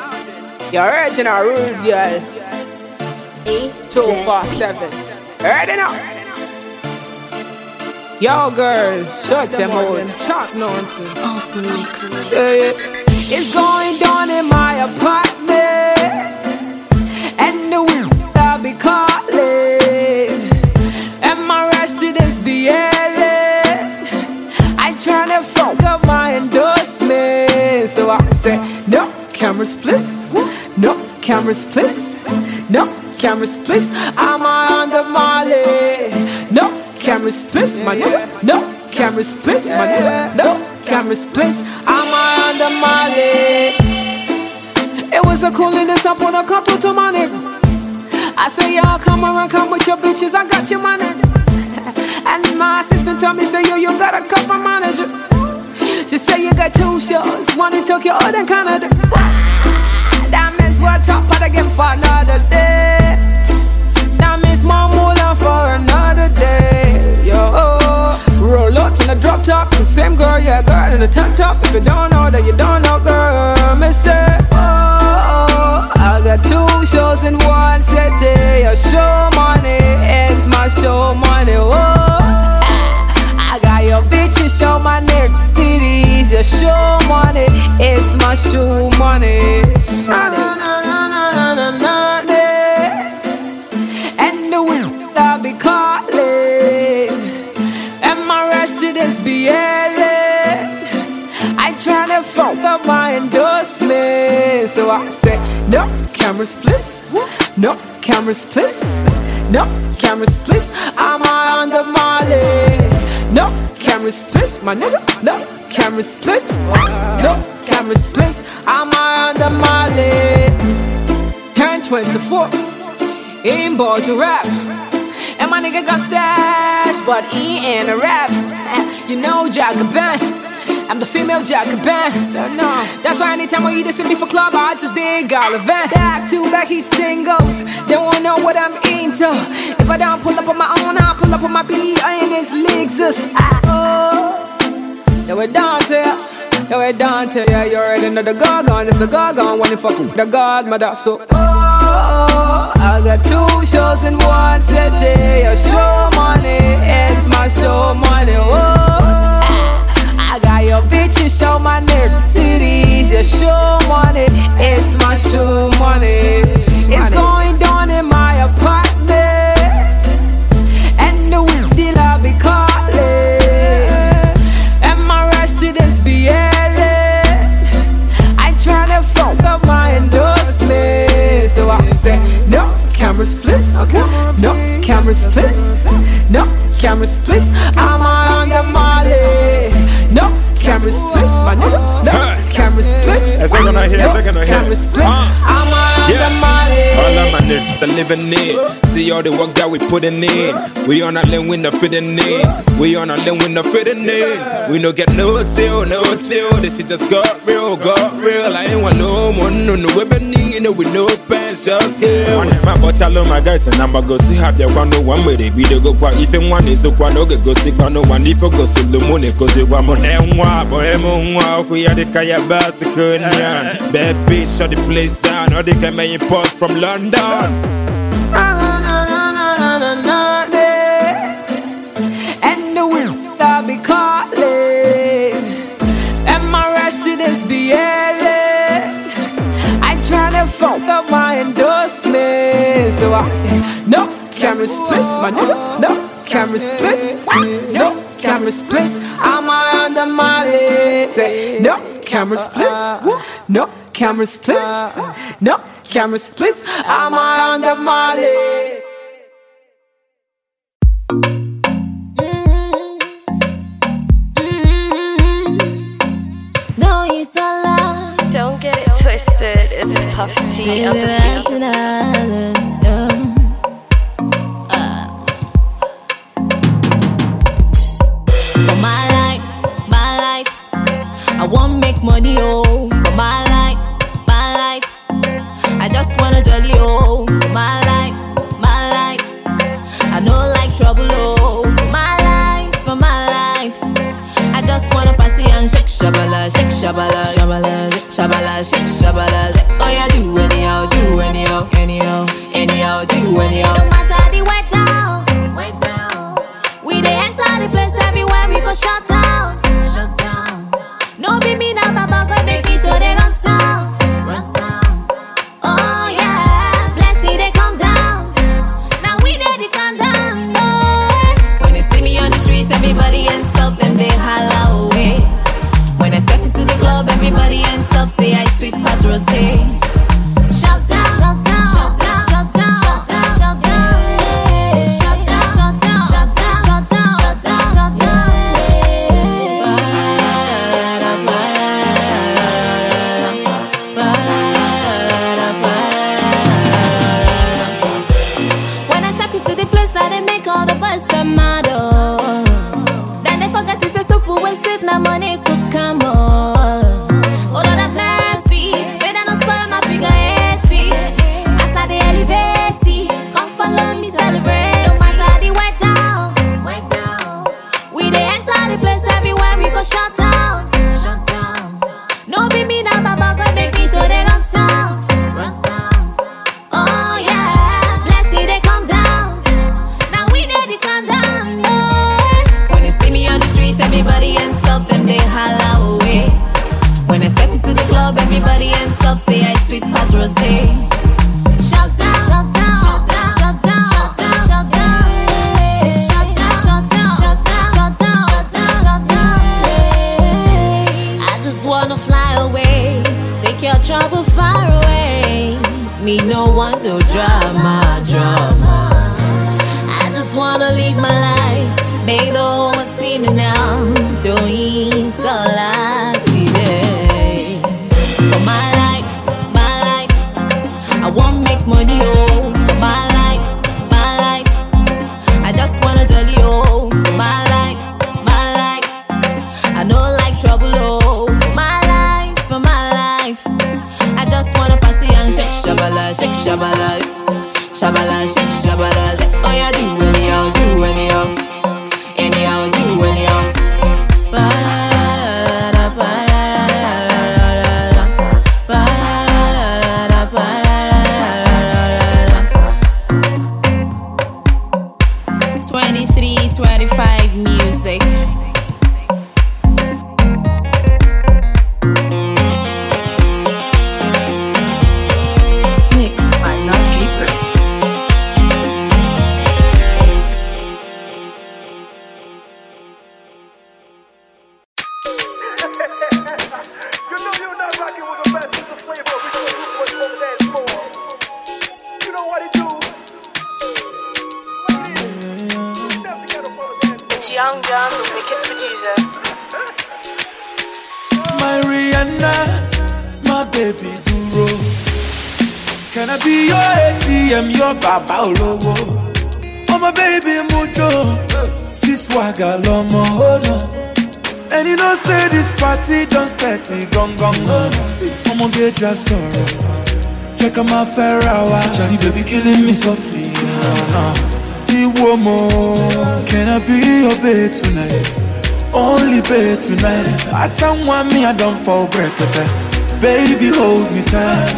Your original rude girl. Eight, two, four, seven. Heard it up. Yo, girl, shut them out. Chalk nonsense. Awesome, It's going down in my apartment. cameras, please. No cameras, please. No cameras, please. I'm the Molly. No cameras, please, my nigga. No cameras, please, my nigga. No cameras, please. I'm the Molly. It was a cool in the sun when I come to my I say, y'all come around, come with your bitches. I got your money. and my assistant tell me, say, yo, you got a my manager. She say you got two shows, one in Tokyo, one in Canada. That means we're top of the game for another day. That means more moolah for another day. Yo, roll up in the drop top, the same girl, yeah, girl in the tank top. If you don't know, then you don't know, girl, mister. Oh, oh, I got two shows in one city. Your show money it's my show money. Oh, I got your bitches show my neck show money. It's my show money. And the wind be calling. And my residence be yelling. I try to fuck up my endorsement. So I said, no cameras, please. No cameras, please. No cameras, please. I'm high on the molly. No cameras, please, my nigga. No camera splits. No camera splits. I'm on the molly. 1024. In ball to rap. And my nigga got stash, but he ain't a rap. You know Jacoban. I'm the female Jacoban. No, that's why anytime I eat a in me for club, I just dig all of that. Back to back heat singles. They won't know what I'm into. If I don't pull up on my own, I'll pull up on my B. I ain't as legs. Oh. Yeah, we dance here. Yeah, we dance Yeah, you already know the gargon. It's the gargon when you fuck with the god, mother. So, oh, oh, I got two shows in one city. Your show money it's my show money. Oh, I got your bitches show my titties. Your show money it's my show money. It's going down in my apartment. And the weed dealer because. say no cameras please Okay. no cameras please no cameras please i'm on the molly no cameras please my nigga no can respect. As long as I hear, as long as I hear. I'm all yeah. under money. All of my niggas are living it. See all the work that we putting in. We on a limb, we no fitting in. We on a limb, we no fitting in. We no get no chill, no chill. This shit just got real, got real. I ain't want no more, no, no weapon, You know we no pants, just skills. My watch, I love my guys, and I'ma go see how they want no one with it. Be the go part. If you want it, so one, okay, go sick, but no one. If I go see the money, cause you want more. Then why, boy, I'm on, if we had the kayak bars the Korean. Bad bitch shut the place down. All they can make import from London. And the wind I be calling. And my residence be yelling. I am tryna fuck up my endorsements, So I say, no camera splits, my nigga. No camera splits. No camera splits. I'm under my leg. Say, no cameras uh, please. Uh, no cameras please. Uh, no cameras please. I'm on the Molly. Don't get it twisted. It's Puff on the beat. Ferrawa. You baby killing me softly. Uh, woman, can I be your babe tonight? Only babe tonight. As someone me, I don't fall breath of Baby, hold me tight.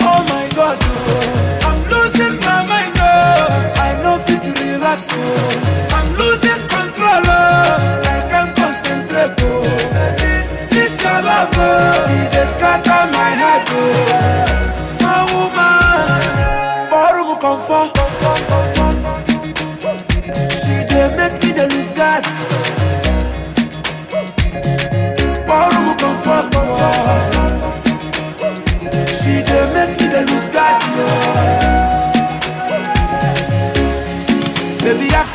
Oh my God, oh. I'm losing my mind. Oh. I know fit to relax. Oh. I'm losing.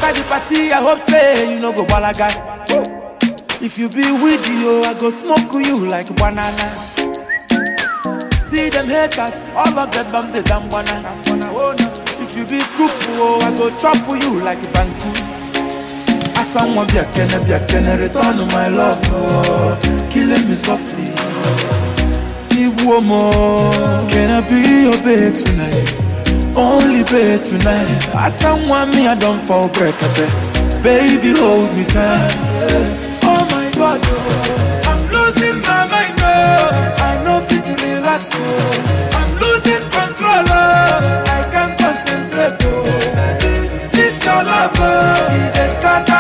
inside the party, I hope say you no go bala If you be with you, I go smoke you like banana. See them haters, all of them bam the damn banana. Oh, if you be super, oh, I go chop you like banku. Someone be a kenne, be a kenne, return to my love, oh, killing me softly. Ibu woman, can I be your babe tonight? Only pray tonight. As someone me, I don't fall breath. Baby, hold me tight. Oh my God, oh. I'm losing my mind. Oh. I know fit to relax. Oh. I'm losing control. I can't concentrate. This your love. Oh.